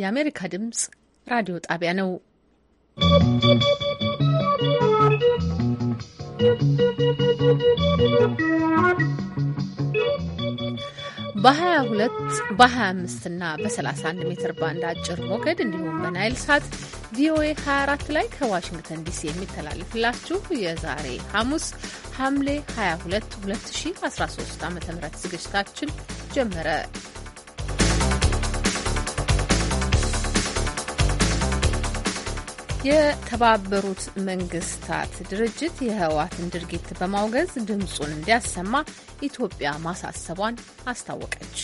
የአሜሪካ ድምጽ ራዲዮ ጣቢያ ነው። በ22 በ25 እና በ31 ሜትር ባንድ አጭር ሞገድ እንዲሁም በናይል ሳት ቪኦኤ 24 ላይ ከዋሽንግተን ዲሲ የሚተላለፍላችሁ የዛሬ ሐሙስ ሐምሌ 22 2013 ዓ ም ዝግጅታችን ጀመረ። የተባበሩት መንግስታት ድርጅት የህወሓትን ድርጊት በማውገዝ ድምፁን እንዲያሰማ ኢትዮጵያ ማሳሰቧን አስታወቀች።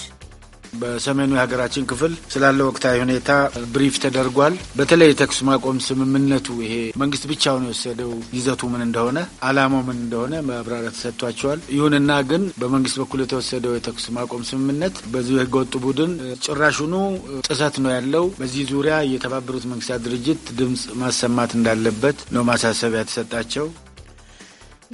በሰሜኑ የሀገራችን ክፍል ስላለ ወቅታዊ ሁኔታ ብሪፍ ተደርጓል። በተለይ የተኩስ ማቆም ስምምነቱ ይሄ መንግስት ብቻውን የወሰደው ይዘቱ ምን እንደሆነ፣ አላማው ምን እንደሆነ ማብራሪያ ተሰጥቷቸዋል። ይሁንና ግን በመንግስት በኩል የተወሰደው የተኩስ ማቆም ስምምነት በዚሁ ህገወጥ ቡድን ጭራሹኑ ጥሰት ነው ያለው። በዚህ ዙሪያ የተባበሩት መንግስታት ድርጅት ድምፅ ማሰማት እንዳለበት ነው ማሳሰቢያ የተሰጣቸው።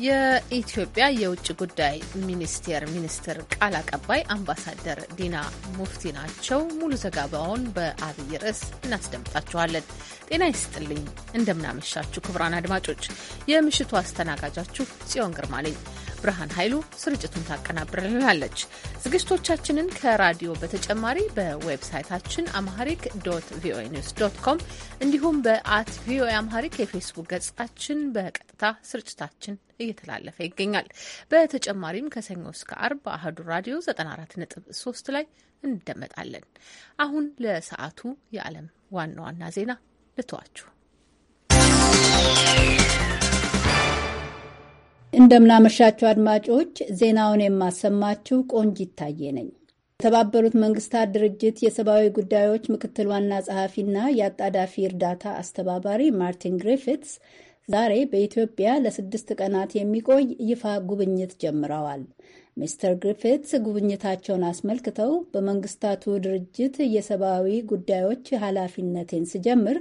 የኢትዮጵያ የውጭ ጉዳይ ሚኒስቴር ሚኒስትር ቃል አቀባይ አምባሳደር ዲና ሙፍቲ ናቸው። ሙሉ ዘገባውን በአብይ ርዕስ እናስደምጣችኋለን። ጤና ይስጥልኝ፣ እንደምናመሻችሁ ክቡራን አድማጮች። የምሽቱ አስተናጋጃችሁ ጽዮን ግርማ ነኝ። ብርሃን ኃይሉ ስርጭቱን ታቀናብርልናለች። ዝግጅቶቻችንን ከራዲዮ በተጨማሪ በዌብሳይታችን አምሃሪክ ዶት ቪኦኤ ኒውስ ዶት ኮም እንዲሁም በአት ቪኦኤ አምሃሪክ የፌስቡክ ገጻችን በቀጥታ ስርጭታችን እየተላለፈ ይገኛል። በተጨማሪም ከሰኞ እስከ አርብ አህዱ ራዲዮ 94.3 ላይ እንደመጣለን። አሁን ለሰዓቱ የዓለም ዋና ዋና ዜና ልተዋችሁ። እንደምናመሻችሁ አድማጮች፣ ዜናውን የማሰማችሁ ቆንጅ ይታየ ነኝ። የተባበሩት መንግስታት ድርጅት የሰብአዊ ጉዳዮች ምክትል ዋና ጸሐፊና የአጣዳፊ እርዳታ አስተባባሪ ማርቲን ግሪፊትስ ዛሬ በኢትዮጵያ ለስድስት ቀናት የሚቆይ ይፋ ጉብኝት ጀምረዋል። ሚስተር ግሪፊትስ ጉብኝታቸውን አስመልክተው በመንግስታቱ ድርጅት የሰብአዊ ጉዳዮች ኃላፊነቴን ስጀምር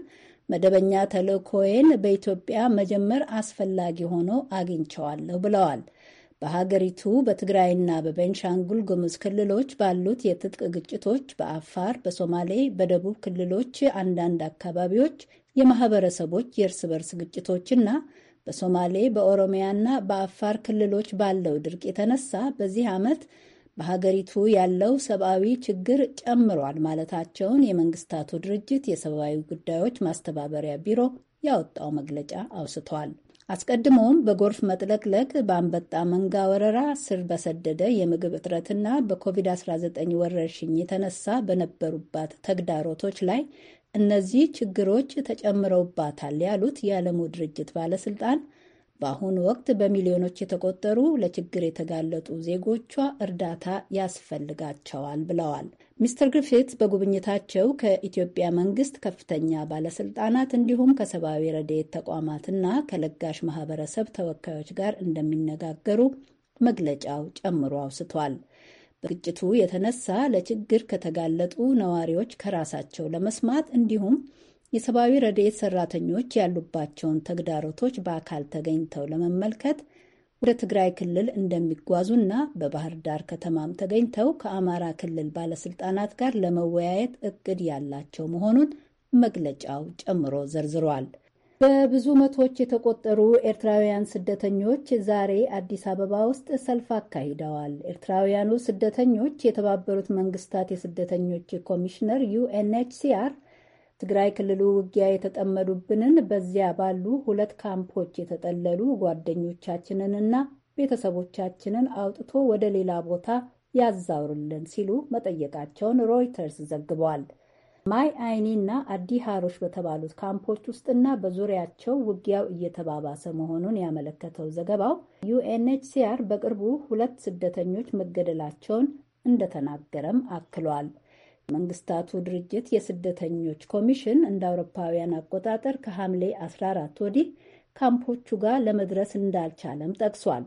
መደበኛ ተልእኮዬን በኢትዮጵያ መጀመር አስፈላጊ ሆኖ አግኝቸዋለሁ ብለዋል። በሀገሪቱ በትግራይና በቤንሻንጉል ጉሙዝ ክልሎች ባሉት የትጥቅ ግጭቶች፣ በአፋር፣ በሶማሌ፣ በደቡብ ክልሎች አንዳንድ አካባቢዎች የማህበረሰቦች የእርስ በርስ ግጭቶችና በሶማሌ በኦሮሚያና በአፋር ክልሎች ባለው ድርቅ የተነሳ በዚህ ዓመት በሀገሪቱ ያለው ሰብአዊ ችግር ጨምሯል ማለታቸውን የመንግስታቱ ድርጅት የሰብአዊ ጉዳዮች ማስተባበሪያ ቢሮ ያወጣው መግለጫ አውስቷል። አስቀድሞም በጎርፍ መጥለቅለቅ፣ በአንበጣ መንጋ ወረራ፣ ስር በሰደደ የምግብ እጥረትና በኮቪድ-19 ወረርሽኝ የተነሳ በነበሩባት ተግዳሮቶች ላይ እነዚህ ችግሮች ተጨምረውባታል ያሉት የዓለሙ ድርጅት ባለስልጣን በአሁኑ ወቅት በሚሊዮኖች የተቆጠሩ ለችግር የተጋለጡ ዜጎቿ እርዳታ ያስፈልጋቸዋል ብለዋል። ሚስተር ግሪፊት በጉብኝታቸው ከኢትዮጵያ መንግስት ከፍተኛ ባለስልጣናት እንዲሁም ከሰብአዊ ረድኤት ተቋማትና ከለጋሽ ማህበረሰብ ተወካዮች ጋር እንደሚነጋገሩ መግለጫው ጨምሮ አውስቷል። በግጭቱ የተነሳ ለችግር ከተጋለጡ ነዋሪዎች ከራሳቸው ለመስማት እንዲሁም የሰብአዊ ረድኤት ሰራተኞች ያሉባቸውን ተግዳሮቶች በአካል ተገኝተው ለመመልከት ወደ ትግራይ ክልል እንደሚጓዙና በባህር ዳር ከተማም ተገኝተው ከአማራ ክልል ባለስልጣናት ጋር ለመወያየት እቅድ ያላቸው መሆኑን መግለጫው ጨምሮ ዘርዝሯል። በብዙ መቶዎች የተቆጠሩ ኤርትራውያን ስደተኞች ዛሬ አዲስ አበባ ውስጥ ሰልፍ አካሂደዋል። ኤርትራውያኑ ስደተኞች የተባበሩት መንግስታት የስደተኞች ኮሚሽነር ዩኤንኤችሲአር ትግራይ ክልሉ ውጊያ የተጠመዱብንን በዚያ ባሉ ሁለት ካምፖች የተጠለሉ ጓደኞቻችንንና ቤተሰቦቻችንን አውጥቶ ወደ ሌላ ቦታ ያዛውርልን ሲሉ መጠየቃቸውን ሮይተርስ ዘግቧል። ማይ አይኒ እና አዲ ሃሮሽ በተባሉት ካምፖች ውስጥና በዙሪያቸው ውጊያው እየተባባሰ መሆኑን ያመለከተው ዘገባው ዩኤንኤችሲአር በቅርቡ ሁለት ስደተኞች መገደላቸውን እንደተናገረም አክሏል። መንግስታቱ ድርጅት የስደተኞች ኮሚሽን እንደ አውሮፓውያን አቆጣጠር ከሐምሌ 14 ወዲህ ካምፖቹ ጋር ለመድረስ እንዳልቻለም ጠቅሷል።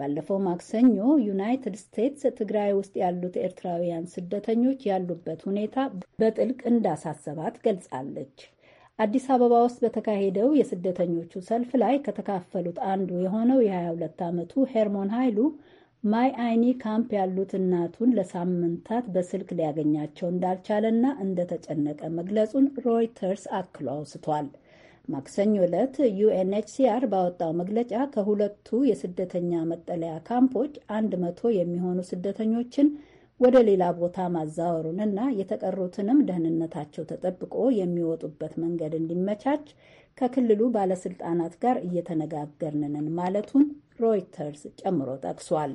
ባለፈው ማክሰኞ ዩናይትድ ስቴትስ ትግራይ ውስጥ ያሉት ኤርትራውያን ስደተኞች ያሉበት ሁኔታ በጥልቅ እንዳሳሰባት ገልጻለች። አዲስ አበባ ውስጥ በተካሄደው የስደተኞቹ ሰልፍ ላይ ከተካፈሉት አንዱ የሆነው የ22 ዓመቱ ሄርሞን ኃይሉ ማይ አይኒ ካምፕ ያሉት እናቱን ለሳምንታት በስልክ ሊያገኛቸው እንዳልቻለና እንደተጨነቀ መግለጹን ሮይተርስ አክሎ አውስቷል። ማክሰኞ ዕለት ዩኤንኤችሲአር ባወጣው መግለጫ ከሁለቱ የስደተኛ መጠለያ ካምፖች አንድ መቶ የሚሆኑ ስደተኞችን ወደ ሌላ ቦታ ማዛወሩንና የተቀሩትንም ደህንነታቸው ተጠብቆ የሚወጡበት መንገድ እንዲመቻች ከክልሉ ባለስልጣናት ጋር እየተነጋገርን ማለቱን ሮይተርስ ጨምሮ ጠቅሷል።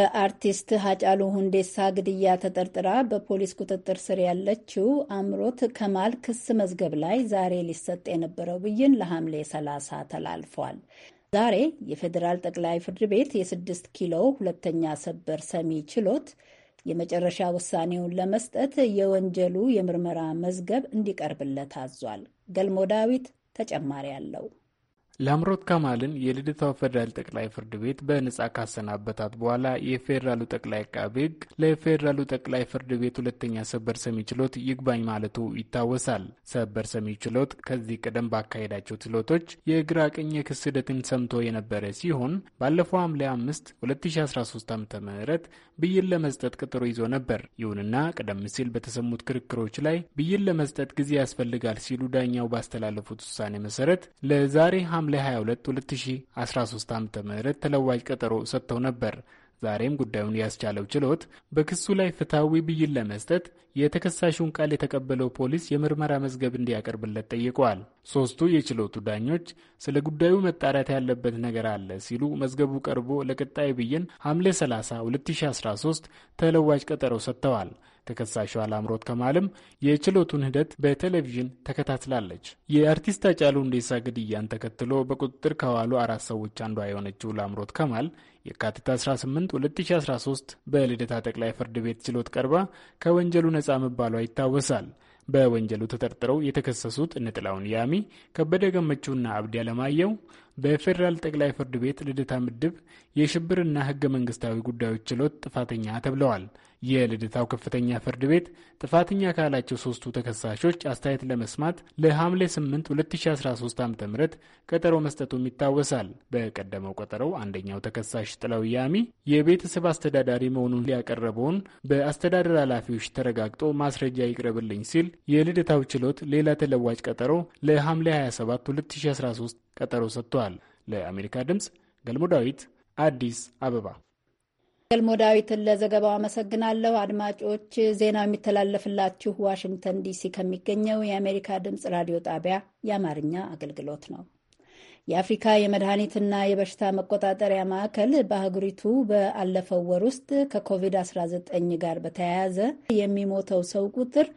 በአርቲስት ሀጫሉ ሁንዴሳ ግድያ ተጠርጥራ በፖሊስ ቁጥጥር ስር ያለችው አምሮት ከማል ክስ መዝገብ ላይ ዛሬ ሊሰጥ የነበረው ብይን ለሐምሌ 30 ተላልፏል። ዛሬ የፌዴራል ጠቅላይ ፍርድ ቤት የስድስት ኪሎ ሁለተኛ ሰበር ሰሚ ችሎት የመጨረሻ ውሳኔውን ለመስጠት የወንጀሉ የምርመራ መዝገብ እንዲቀርብለት አዟል። ገልሞ ዳዊት ተጨማሪ አለው። ለምሮት ከማልን የልደታው ፌዴራል ጠቅላይ ፍርድ ቤት በነጻ ካሰናበታት በኋላ የፌዴራሉ ጠቅላይ አቃቤ ሕግ ለፌዴራሉ ጠቅላይ ፍርድ ቤት ሁለተኛ ሰበር ሰሚ ችሎት ይግባኝ ማለቱ ይታወሳል። ሰበር ሰሚ ችሎት ከዚህ ቀደም ባካሄዳቸው ችሎቶች የግራ ቀኝ ሂደትን ሰምቶ የነበረ ሲሆን ባለፈው ሐምሌ አምስት 2013 ዓ.ም ብይን ለመስጠት ቀጠሮ ይዞ ነበር። ይሁንና ቀደም ሲል በተሰሙት ክርክሮች ላይ ብይን ለመስጠት ጊዜ ያስፈልጋል ሲሉ ዳኛው ባስተላለፉት ውሳኔ መሰረት ለዛሬ ሐምሌ 22 2013 ዓ ም ተለዋጭ ቀጠሮ ሰጥተው ነበር። ዛሬም ጉዳዩን ያስቻለው ችሎት በክሱ ላይ ፍትሐዊ ብይን ለመስጠት የተከሳሹን ቃል የተቀበለው ፖሊስ የምርመራ መዝገብ እንዲያቀርብለት ጠይቀዋል። ሦስቱ የችሎቱ ዳኞች ስለ ጉዳዩ መጣራት ያለበት ነገር አለ ሲሉ መዝገቡ ቀርቦ ለቀጣይ ብይን ሐምሌ 30 2013 ተለዋጭ ቀጠሮ ሰጥተዋል። ተከሳሹ አላምሮት ከማልም የችሎቱን ሂደት በቴሌቪዥን ተከታትላለች። የአርቲስት አጫሉ ሁንዴሳ ግድያን ተከትሎ በቁጥጥር ከዋሉ አራት ሰዎች አንዷ የሆነችው ላምሮት ከማል የካቲት 18 2013 በልደታ ጠቅላይ ፍርድ ቤት ችሎት ቀርባ ከወንጀሉ ነፃ መባሏ ይታወሳል። በወንጀሉ ተጠርጥረው የተከሰሱት ነጥላውን ያሚ፣ ከበደ ገመቹና አብዲ አለማየሁ በፌዴራል ጠቅላይ ፍርድ ቤት ልደታ ምድብ የሽብርና ህገ መንግስታዊ ጉዳዮች ችሎት ጥፋተኛ ተብለዋል። የልደታው ከፍተኛ ፍርድ ቤት ጥፋተኛ ካላቸው ሶስቱ ተከሳሾች አስተያየት ለመስማት ለሐምሌ 8 2013 ዓ ም ቀጠሮ መስጠቱም ይታወሳል። በቀደመው ቀጠሮው አንደኛው ተከሳሽ ጥለው ያሚ የቤተሰብ አስተዳዳሪ መሆኑን ያቀረበውን በአስተዳደር ኃላፊዎች ተረጋግጦ ማስረጃ ይቅረብልኝ ሲል የልደታው ችሎት ሌላ ተለዋጭ ቀጠሮ ለሐምሌ 27 2013 ቀጠሮ ሰጥቷል። ለአሜሪካ ድምፅ ገልሞ ዳዊት አዲስ አበባ ገልሞ ዳዊትን ለዘገባው አመሰግናለሁ። አድማጮች ዜናው የሚተላለፍላችሁ ዋሽንግተን ዲሲ ከሚገኘው የአሜሪካ ድምፅ ራዲዮ ጣቢያ የአማርኛ አገልግሎት ነው። የአፍሪካ የመድኃኒትና የበሽታ መቆጣጠሪያ ማዕከል በአህጉሪቱ በአለፈው ወር ውስጥ ከኮቪድ-19 ጋር በተያያዘ የሚሞተው ሰው ቁጥር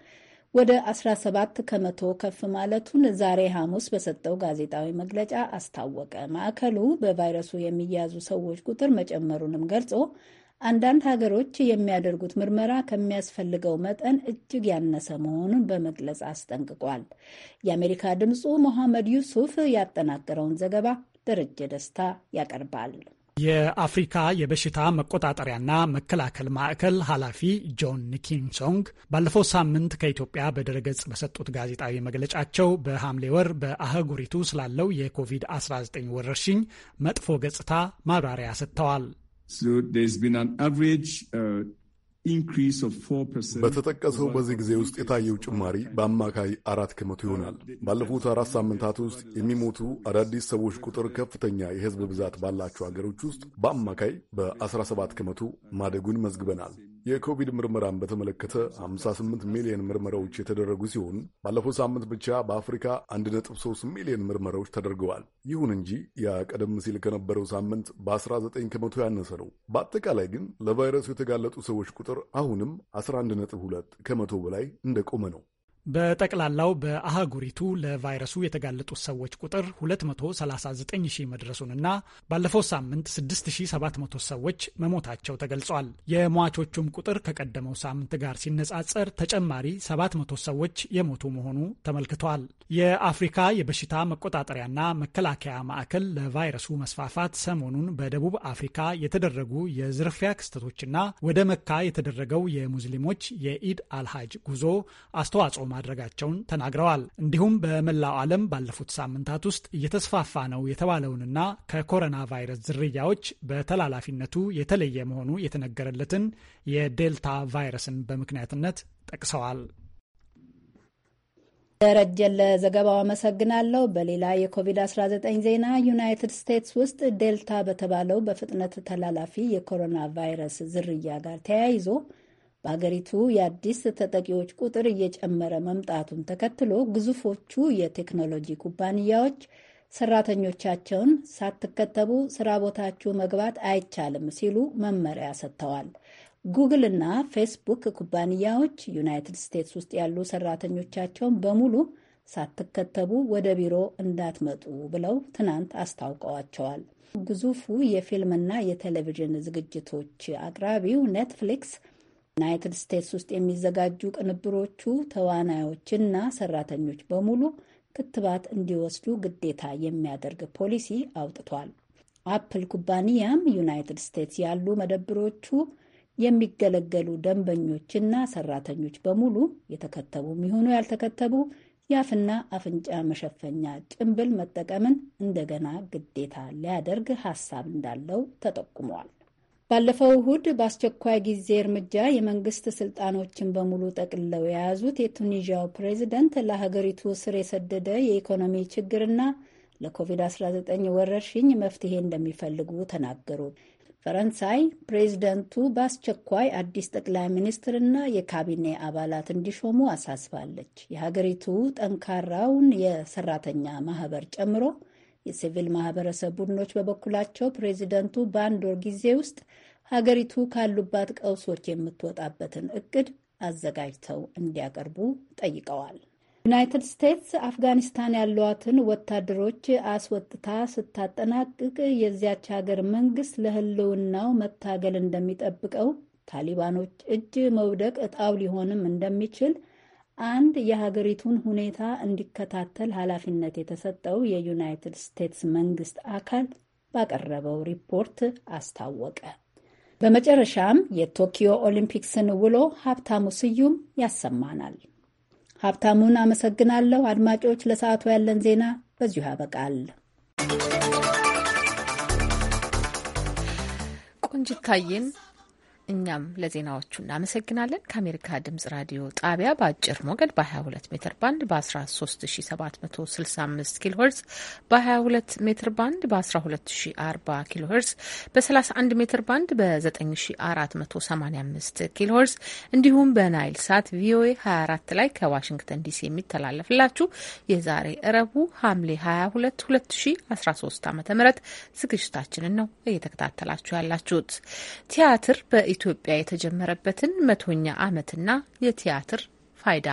ወደ 17 ከመቶ ከፍ ማለቱን ዛሬ ሐሙስ በሰጠው ጋዜጣዊ መግለጫ አስታወቀ። ማዕከሉ በቫይረሱ የሚያዙ ሰዎች ቁጥር መጨመሩንም ገልጾ አንዳንድ ሀገሮች የሚያደርጉት ምርመራ ከሚያስፈልገው መጠን እጅግ ያነሰ መሆኑን በመግለጽ አስጠንቅቋል። የአሜሪካ ድምፁ ሞሐመድ ዩሱፍ ያጠናቀረውን ዘገባ ደረጀ ደስታ ያቀርባል። የአፍሪካ የበሽታ መቆጣጠሪያና መከላከል ማዕከል ኃላፊ ጆን ኒኪንሶንግ ባለፈው ሳምንት ከኢትዮጵያ በድረገጽ በሰጡት ጋዜጣዊ መግለጫቸው በሐምሌ ወር በአህጉሪቱ ስላለው የኮቪድ-19 ወረርሽኝ መጥፎ ገጽታ ማብራሪያ ሰጥተዋል። በተጠቀሰው በዚህ ጊዜ ውስጥ የታየው ጭማሪ በአማካይ አራት ከመቶ ይሆናል። ባለፉት አራት ሳምንታት ውስጥ የሚሞቱ አዳዲስ ሰዎች ቁጥር ከፍተኛ የሕዝብ ብዛት ባላቸው ሀገሮች ውስጥ በአማካይ በ17 ከመቶ ማደጉን መዝግበናል። የኮቪድ ምርመራን በተመለከተ 58 ሚሊዮን ምርመራዎች የተደረጉ ሲሆን ባለፈው ሳምንት ብቻ በአፍሪካ 1.3 ሚሊዮን ምርመራዎች ተደርገዋል። ይሁን እንጂ ያ ቀደም ሲል ከነበረው ሳምንት በ19 ከመቶ ያነሰ ነው። በአጠቃላይ ግን ለቫይረሱ የተጋለጡ ሰዎች ቁጥር አሁንም 11.2 ከመቶ በላይ እንደቆመ ነው። በጠቅላላው በአህጉሪቱ ለቫይረሱ የተጋለጡት ሰዎች ቁጥር 239 ሺህ መድረሱንና ባለፈው ሳምንት 6700 ሰዎች መሞታቸው ተገልጿል። የሟቾቹም ቁጥር ከቀደመው ሳምንት ጋር ሲነጻጸር ተጨማሪ 700 ሰዎች የሞቱ መሆኑ ተመልክቷል። የአፍሪካ የበሽታ መቆጣጠሪያና መከላከያ ማዕከል ለቫይረሱ መስፋፋት ሰሞኑን በደቡብ አፍሪካ የተደረጉ የዝርፊያ ክስተቶችና ወደ መካ የተደረገው የሙስሊሞች የኢድ አልሃጅ ጉዞ አስተዋጽኦ ማድረጋቸውን ተናግረዋል። እንዲሁም በመላው ዓለም ባለፉት ሳምንታት ውስጥ እየተስፋፋ ነው የተባለውንና ከኮሮና ቫይረስ ዝርያዎች በተላላፊነቱ የተለየ መሆኑ የተነገረለትን የዴልታ ቫይረስን በምክንያትነት ጠቅሰዋል። ደረጀ፣ ለዘገባው አመሰግናለሁ። በሌላ የኮቪድ-19 ዜና ዩናይትድ ስቴትስ ውስጥ ዴልታ በተባለው በፍጥነት ተላላፊ የኮሮና ቫይረስ ዝርያ ጋር ተያይዞ በአገሪቱ የአዲስ ተጠቂዎች ቁጥር እየጨመረ መምጣቱን ተከትሎ ግዙፎቹ የቴክኖሎጂ ኩባንያዎች ሰራተኞቻቸውን ሳትከተቡ ስራ ቦታችሁ መግባት አይቻልም ሲሉ መመሪያ ሰጥተዋል። ጉግል እና ፌስቡክ ኩባንያዎች ዩናይትድ ስቴትስ ውስጥ ያሉ ሰራተኞቻቸውን በሙሉ ሳትከተቡ ወደ ቢሮ እንዳትመጡ ብለው ትናንት አስታውቀዋቸዋል። ግዙፉ የፊልምና የቴሌቪዥን ዝግጅቶች አቅራቢው ኔትፍሊክስ ዩናይትድ ስቴትስ ውስጥ የሚዘጋጁ ቅንብሮቹ ተዋናዮችና ሰራተኞች በሙሉ ክትባት እንዲወስዱ ግዴታ የሚያደርግ ፖሊሲ አውጥቷል። አፕል ኩባንያም ዩናይትድ ስቴትስ ያሉ መደብሮቹ የሚገለገሉ ደንበኞችና ሰራተኞች በሙሉ የተከተቡ የሚሆኑ ያልተከተቡ የአፍና አፍንጫ መሸፈኛ ጭንብል መጠቀምን እንደገና ግዴታ ሊያደርግ ሀሳብ እንዳለው ተጠቁመዋል። ባለፈው እሁድ በአስቸኳይ ጊዜ እርምጃ የመንግስት ስልጣኖችን በሙሉ ጠቅልለው የያዙት የቱኒዥያው ፕሬዚደንት ለሀገሪቱ ስር የሰደደ የኢኮኖሚ ችግርና ለኮቪድ-19 ወረርሽኝ መፍትሄ እንደሚፈልጉ ተናገሩ። ፈረንሳይ ፕሬዚደንቱ በአስቸኳይ አዲስ ጠቅላይ ሚኒስትርና የካቢኔ አባላት እንዲሾሙ አሳስባለች። የሀገሪቱ ጠንካራውን የሰራተኛ ማህበር ጨምሮ የሲቪል ማህበረሰብ ቡድኖች በበኩላቸው ፕሬዚደንቱ በአንድ ወር ጊዜ ውስጥ ሀገሪቱ ካሉባት ቀውሶች የምትወጣበትን እቅድ አዘጋጅተው እንዲያቀርቡ ጠይቀዋል። ዩናይትድ ስቴትስ አፍጋኒስታን ያሏትን ወታደሮች አስወጥታ ስታጠናቅቅ የዚያች ሀገር መንግስት ለህልውናው መታገል እንደሚጠብቀው ታሊባኖች እጅ መውደቅ እጣው ሊሆንም እንደሚችል አንድ የሀገሪቱን ሁኔታ እንዲከታተል ኃላፊነት የተሰጠው የዩናይትድ ስቴትስ መንግስት አካል ባቀረበው ሪፖርት አስታወቀ። በመጨረሻም የቶኪዮ ኦሊምፒክስን ውሎ ሀብታሙ ስዩም ያሰማናል። ሀብታሙን አመሰግናለሁ። አድማጮች፣ ለሰዓቱ ያለን ዜና በዚሁ ያበቃል። ቆንጅታዬን እኛም ለዜናዎቹ እናመሰግናለን። ከአሜሪካ ድምጽ ራዲዮ ጣቢያ በአጭር ሞገድ በ22 ሜትር ባንድ በ13765 ኪሎ ሄርዝ፣ በ22 ሜትር ባንድ በ1240 ኪሎ ሄርዝ፣ በ31 ሜትር ባንድ በ9485 ኪሎ ሄርዝ እንዲሁም በናይል ሳት ቪኦኤ 24 ላይ ከዋሽንግተን ዲሲ የሚተላለፍላችሁ የዛሬ እረቡ ሐምሌ 22 2013 ዓ ም ዝግጅታችንን ነው እየተከታተላችሁ ያላችሁት። ቲያትር በ በኢትዮጵያ የተጀመረበትን መቶኛ ዓመትና የቲያትር ፋይዳ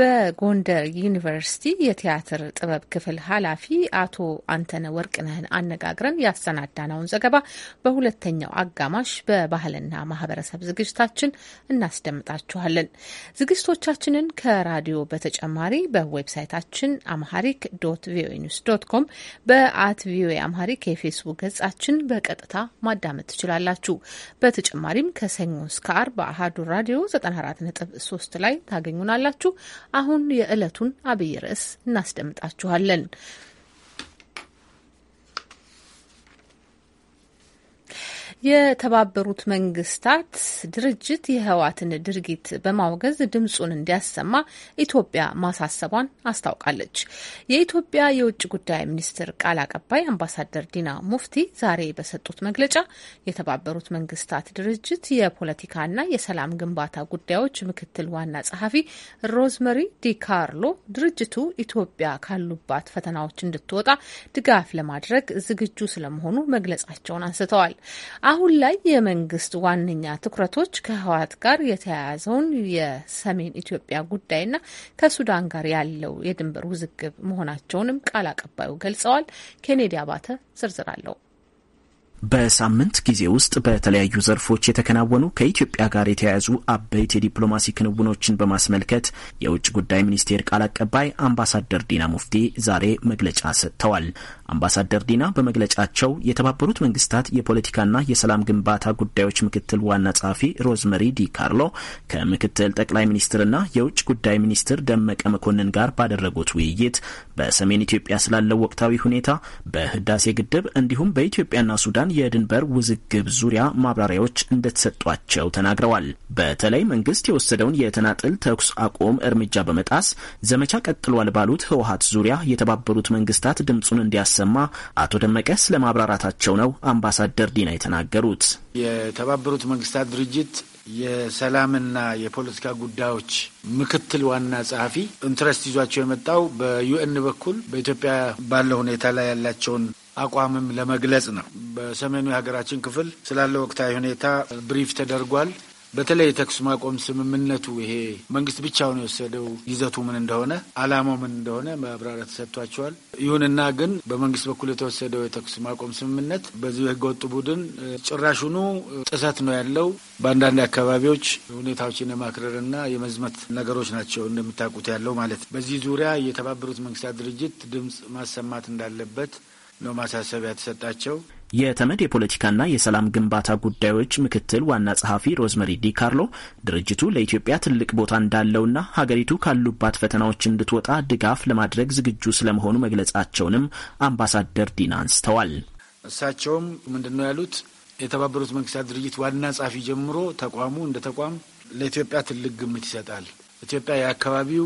በጎንደር ዩኒቨርሲቲ የቲያትር ጥበብ ክፍል ኃላፊ አቶ አንተነ ወርቅነህን አነጋግረን ያሰናዳነውን ዘገባ በሁለተኛው አጋማሽ በባህልና ማህበረሰብ ዝግጅታችን እናስደምጣችኋለን። ዝግጅቶቻችንን ከራዲዮ በተጨማሪ በዌብሳይታችን አምሃሪክ ዶት ቪኦኤ ኒውስ ዶት ኮም፣ በአት ቪኦኤ አምሃሪክ የፌስቡክ ገጻችን በቀጥታ ማዳመጥ ትችላላችሁ። በተጨማሪም ከሰኞ እስከ አርብ በአሀዱ ራዲዮ 94.3 ላይ ታገኙናላችሁ። አሁን የዕለቱን አብይ ርዕስ እናስደምጣችኋለን። የተባበሩት መንግስታት ድርጅት የህወሓትን ድርጊት በማውገዝ ድምፁን እንዲያሰማ ኢትዮጵያ ማሳሰቧን አስታውቃለች። የኢትዮጵያ የውጭ ጉዳይ ሚኒስትር ቃል አቀባይ አምባሳደር ዲና ሙፍቲ ዛሬ በሰጡት መግለጫ የተባበሩት መንግስታት ድርጅት የፖለቲካና የሰላም ግንባታ ጉዳዮች ምክትል ዋና ጸሐፊ ሮዝመሪ ዲካርሎ ድርጅቱ ኢትዮጵያ ካሉባት ፈተናዎች እንድትወጣ ድጋፍ ለማድረግ ዝግጁ ስለመሆኑ መግለጻቸውን አንስተዋል። አሁን ላይ የመንግስት ዋነኛ ትኩረቶች ከህወሓት ጋር የተያያዘውን የሰሜን ኢትዮጵያ ጉዳይና ከሱዳን ጋር ያለው የድንበር ውዝግብ መሆናቸውንም ቃል አቀባዩ ገልጸዋል። ኬኔዲ አባተ ዝርዝር አለው። በሳምንት ጊዜ ውስጥ በተለያዩ ዘርፎች የተከናወኑ ከኢትዮጵያ ጋር የተያያዙ አበይት የዲፕሎማሲ ክንውኖችን በማስመልከት የውጭ ጉዳይ ሚኒስቴር ቃል አቀባይ አምባሳደር ዲና ሙፍቲ ዛሬ መግለጫ ሰጥተዋል። አምባሳደር ዲና በመግለጫቸው የተባበሩት መንግስታት የፖለቲካና የሰላም ግንባታ ጉዳዮች ምክትል ዋና ጸሐፊ ሮዝመሪ ዲ ካርሎ ከምክትል ጠቅላይ ሚኒስትርና የውጭ ጉዳይ ሚኒስትር ደመቀ መኮንን ጋር ባደረጉት ውይይት በሰሜን ኢትዮጵያ ስላለው ወቅታዊ ሁኔታ፣ በህዳሴ ግድብ እንዲሁም በኢትዮጵያና ሱዳን የድንበር ውዝግብ ዙሪያ ማብራሪያዎች እንደተሰጧቸው ተናግረዋል። በተለይ መንግስት የወሰደውን የተናጥል ተኩስ አቁም እርምጃ በመጣስ ዘመቻ ቀጥሏል ባሉት ህወሀት ዙሪያ የተባበሩት መንግስታት ድምፁን እንዲያሰማ አቶ ደመቀ ስለ ማብራራታቸው ነው አምባሳደር ዲና የተናገሩት። የተባበሩት መንግስታት ድርጅት የሰላምና የፖለቲካ ጉዳዮች ምክትል ዋና ጸሐፊ ኢንትረስት ይዟቸው የመጣው በዩኤን በኩል በኢትዮጵያ ባለው ሁኔታ ላይ ያላቸውን አቋምም ለመግለጽ ነው። በሰሜኑ የሀገራችን ክፍል ስላለው ወቅታዊ ሁኔታ ብሪፍ ተደርጓል። በተለይ የተኩስ ማቆም ስምምነቱ ይሄ መንግስት ብቻውን የወሰደው ይዘቱ ምን እንደሆነ አላማው ምን እንደሆነ ማብራሪያ ተሰጥቷቸዋል። ይሁንና ግን በመንግስት በኩል የተወሰደው የተኩስ ማቆም ስምምነት በዚሁ የህገወጥ ቡድን ጭራሹኑ ጥሰት ነው ያለው። በአንዳንድ አካባቢዎች ሁኔታዎችን የማክረርና የመዝመት ነገሮች ናቸው እንደምታውቁት ያለው ማለት ነው። በዚህ ዙሪያ የተባበሩት መንግስታት ድርጅት ድምፅ ማሰማት እንዳለበት ነው ማሳሰቢያ የተሰጣቸው። የተመድ የፖለቲካና የሰላም ግንባታ ጉዳዮች ምክትል ዋና ጸሐፊ ሮዝመሪ ዲ ካርሎ ድርጅቱ ለኢትዮጵያ ትልቅ ቦታ እንዳለውና ሀገሪቱ ካሉባት ፈተናዎች እንድትወጣ ድጋፍ ለማድረግ ዝግጁ ስለመሆኑ መግለጻቸውንም አምባሳደር ዲና አንስተዋል። እሳቸውም ምንድነው ያሉት? የተባበሩት መንግስታት ድርጅት ዋና ጸሐፊ ጀምሮ ተቋሙ እንደ ተቋም ለኢትዮጵያ ትልቅ ግምት ይሰጣል። ኢትዮጵያ የአካባቢው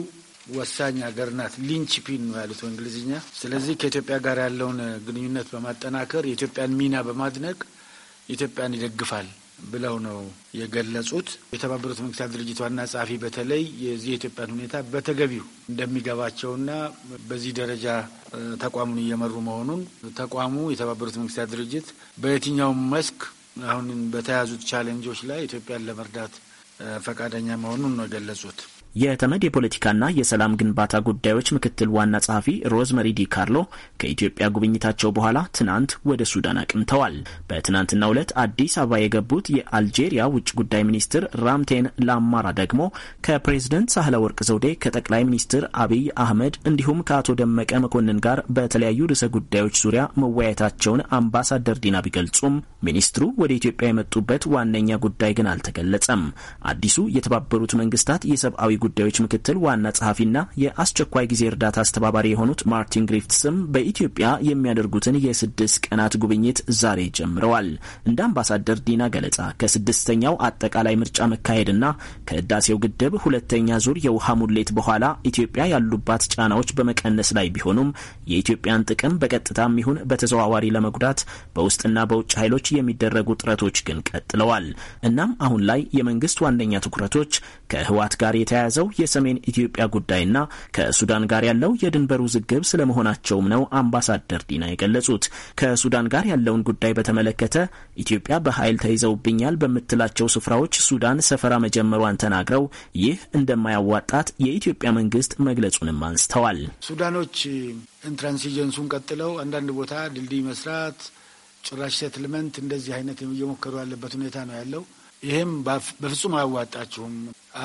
ወሳኝ ሀገር ናት። ሊንችፒን ነው ያሉት በእንግሊዝኛ። ስለዚህ ከኢትዮጵያ ጋር ያለውን ግንኙነት በማጠናከር የኢትዮጵያን ሚና በማድነቅ ኢትዮጵያን ይደግፋል ብለው ነው የገለጹት። የተባበሩት መንግስታት ድርጅት ዋና ጸሐፊ በተለይ የዚህ የኢትዮጵያን ሁኔታ በተገቢው እንደሚገባቸውና በዚህ ደረጃ ተቋሙን እየመሩ መሆኑን ተቋሙ የተባበሩት መንግስታት ድርጅት በየትኛውም መስክ አሁን በተያዙት ቻሌንጆች ላይ ኢትዮጵያን ለመርዳት ፈቃደኛ መሆኑን ነው የገለጹት። የተመድ የፖለቲካና የሰላም ግንባታ ጉዳዮች ምክትል ዋና ጸሐፊ ሮዝመሪ ዲ ካርሎ ከኢትዮጵያ ጉብኝታቸው በኋላ ትናንት ወደ ሱዳን አቅምተዋል። በትናንትናው ዕለት አዲስ አበባ የገቡት የአልጄሪያ ውጭ ጉዳይ ሚኒስትር ራምቴን ላማራ ደግሞ ከፕሬዝደንት ሳህለ ወርቅ ዘውዴ፣ ከጠቅላይ ሚኒስትር አብይ አህመድ እንዲሁም ከአቶ ደመቀ መኮንን ጋር በተለያዩ ርዕሰ ጉዳዮች ዙሪያ መወያየታቸውን አምባሳደር ዲና ቢገልጹም ሚኒስትሩ ወደ ኢትዮጵያ የመጡበት ዋነኛ ጉዳይ ግን አልተገለጸም። አዲሱ የተባበሩት መንግስታት የሰብአዊ ጉዳዮች ምክትል ዋና ጸሐፊና የአስቸኳይ ጊዜ እርዳታ አስተባባሪ የሆኑት ማርቲን ግሪፍትስም በኢትዮጵያ የሚያደርጉትን የስድስት ቀናት ጉብኝት ዛሬ ጀምረዋል። እንደ አምባሳደር ዲና ገለጻ ከስድስተኛው አጠቃላይ ምርጫ መካሄድና ከህዳሴው ግድብ ሁለተኛ ዙር የውሃ ሙሌት በኋላ ኢትዮጵያ ያሉባት ጫናዎች በመቀነስ ላይ ቢሆኑም የኢትዮጵያን ጥቅም በቀጥታም ይሁን በተዘዋዋሪ ለመጉዳት በውስጥና በውጭ ኃይሎች የሚደረጉ ጥረቶች ግን ቀጥለዋል። እናም አሁን ላይ የመንግስት ዋነኛ ትኩረቶች ከህወሓት ጋር የተያያዘ የተያዘው የሰሜን ኢትዮጵያ ጉዳይና ከሱዳን ጋር ያለው የድንበር ውዝግብ ስለመሆናቸውም ነው አምባሳደር ዲና የገለጹት። ከሱዳን ጋር ያለውን ጉዳይ በተመለከተ ኢትዮጵያ በኃይል ተይዘውብኛል በምትላቸው ስፍራዎች ሱዳን ሰፈራ መጀመሯን ተናግረው ይህ እንደማያዋጣት የኢትዮጵያ መንግስት መግለጹንም አንስተዋል። ሱዳኖች ኢንትራንሲጀንሱን ቀጥለው አንዳንድ ቦታ ድልድይ መስራት፣ ጭራሽ ሴትልመንት እንደዚህ አይነት እየሞከሩ ያለበት ሁኔታ ነው ያለው። ይህም በፍጹም አያዋጣችሁም።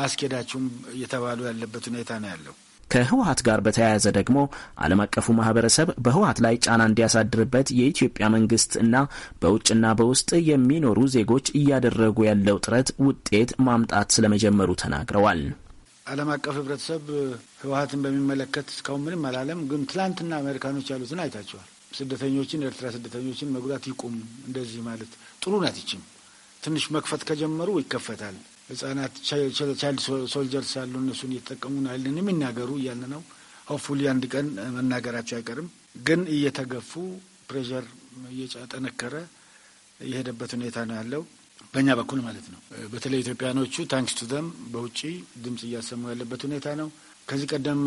አስኬዳችሁም እየተባሉ ያለበት ሁኔታ ነው ያለው። ከህወሀት ጋር በተያያዘ ደግሞ ዓለም አቀፉ ማህበረሰብ በህወሀት ላይ ጫና እንዲያሳድርበት የኢትዮጵያ መንግስት እና በውጭና በውስጥ የሚኖሩ ዜጎች እያደረጉ ያለው ጥረት ውጤት ማምጣት ስለመጀመሩ ተናግረዋል። ዓለም አቀፍ ህብረተሰብ ህወሀትን በሚመለከት እስካሁን ምንም አላለም። ግን ትላንትና አሜሪካኖች ያሉትን አይታቸዋል። ስደተኞችን ኤርትራ ስደተኞችን መጉዳት ይቁም። እንደዚህ ማለት ጥሩ ናት። ይችም ትንሽ መክፈት ከጀመሩ ይከፈታል። ህጻናት ቻይልድ ሶልጀርስ ያሉ እነሱን እየተጠቀሙን አይልን የሚናገሩ እያልን ነው። ሆፕፉሊ አንድ ቀን መናገራቸው አይቀርም። ግን እየተገፉ ፕሬሸር እየጠነከረ የሄደበት ሁኔታ ነው ያለው በእኛ በኩል ማለት ነው። በተለይ ኢትዮጵያኖቹ ታንክስ ቱ ደም በውጭ ድምፅ እያሰሙ ያለበት ሁኔታ ነው። ከዚህ ቀደም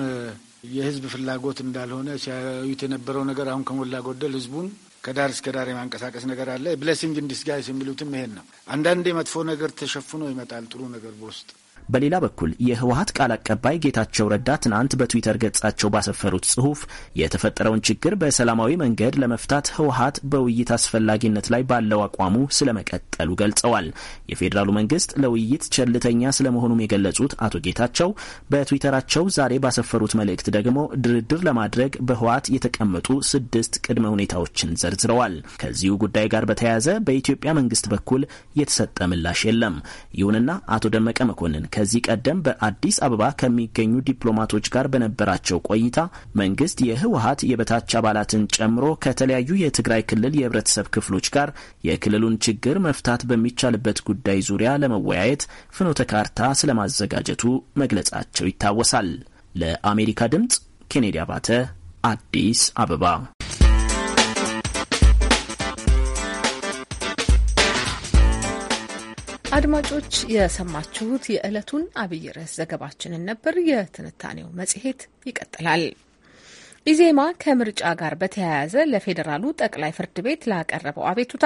የህዝብ ፍላጎት እንዳልሆነ ሲያዩት የነበረው ነገር አሁን ከሞላ ጎደል ህዝቡን ከዳር እስከ ዳር የማንቀሳቀስ ነገር አለ። ብለሲንግ ኢን ዲስጋይስ የሚሉትም ይሄን ነው። አንዳንዴ መጥፎ ነገር ተሸፍኖ ይመጣል ጥሩ ነገር በውስጥ በሌላ በኩል የህወሀት ቃል አቀባይ ጌታቸው ረዳ ትናንት በትዊተር ገጻቸው ባሰፈሩት ጽሁፍ የተፈጠረውን ችግር በሰላማዊ መንገድ ለመፍታት ህወሀት በውይይት አስፈላጊነት ላይ ባለው አቋሙ ስለመቀጠሉ ገልጸዋል። የፌዴራሉ መንግስት ለውይይት ቸልተኛ ስለመሆኑም የገለጹት አቶ ጌታቸው በትዊተራቸው ዛሬ ባሰፈሩት መልእክት ደግሞ ድርድር ለማድረግ በህወሀት የተቀመጡ ስድስት ቅድመ ሁኔታዎችን ዘርዝረዋል። ከዚሁ ጉዳይ ጋር በተያያዘ በኢትዮጵያ መንግስት በኩል የተሰጠ ምላሽ የለም። ይሁንና አቶ ደመቀ መኮንን ከዚህ ቀደም በአዲስ አበባ ከሚገኙ ዲፕሎማቶች ጋር በነበራቸው ቆይታ መንግስት የህወሀት የበታች አባላትን ጨምሮ ከተለያዩ የትግራይ ክልል የህብረተሰብ ክፍሎች ጋር የክልሉን ችግር መፍታት በሚቻልበት ጉዳይ ዙሪያ ለመወያየት ፍኖተ ካርታ ስለማዘጋጀቱ መግለጻቸው ይታወሳል። ለአሜሪካ ድምፅ ኬኔዲ አባተ አዲስ አበባ አድማጮች የሰማችሁት የዕለቱን አብይ ርዕስ ዘገባችንን ነበር። የትንታኔው መጽሔት ይቀጥላል። ኢዜማ ከምርጫ ጋር በተያያዘ ለፌዴራሉ ጠቅላይ ፍርድ ቤት ላቀረበው አቤቱታ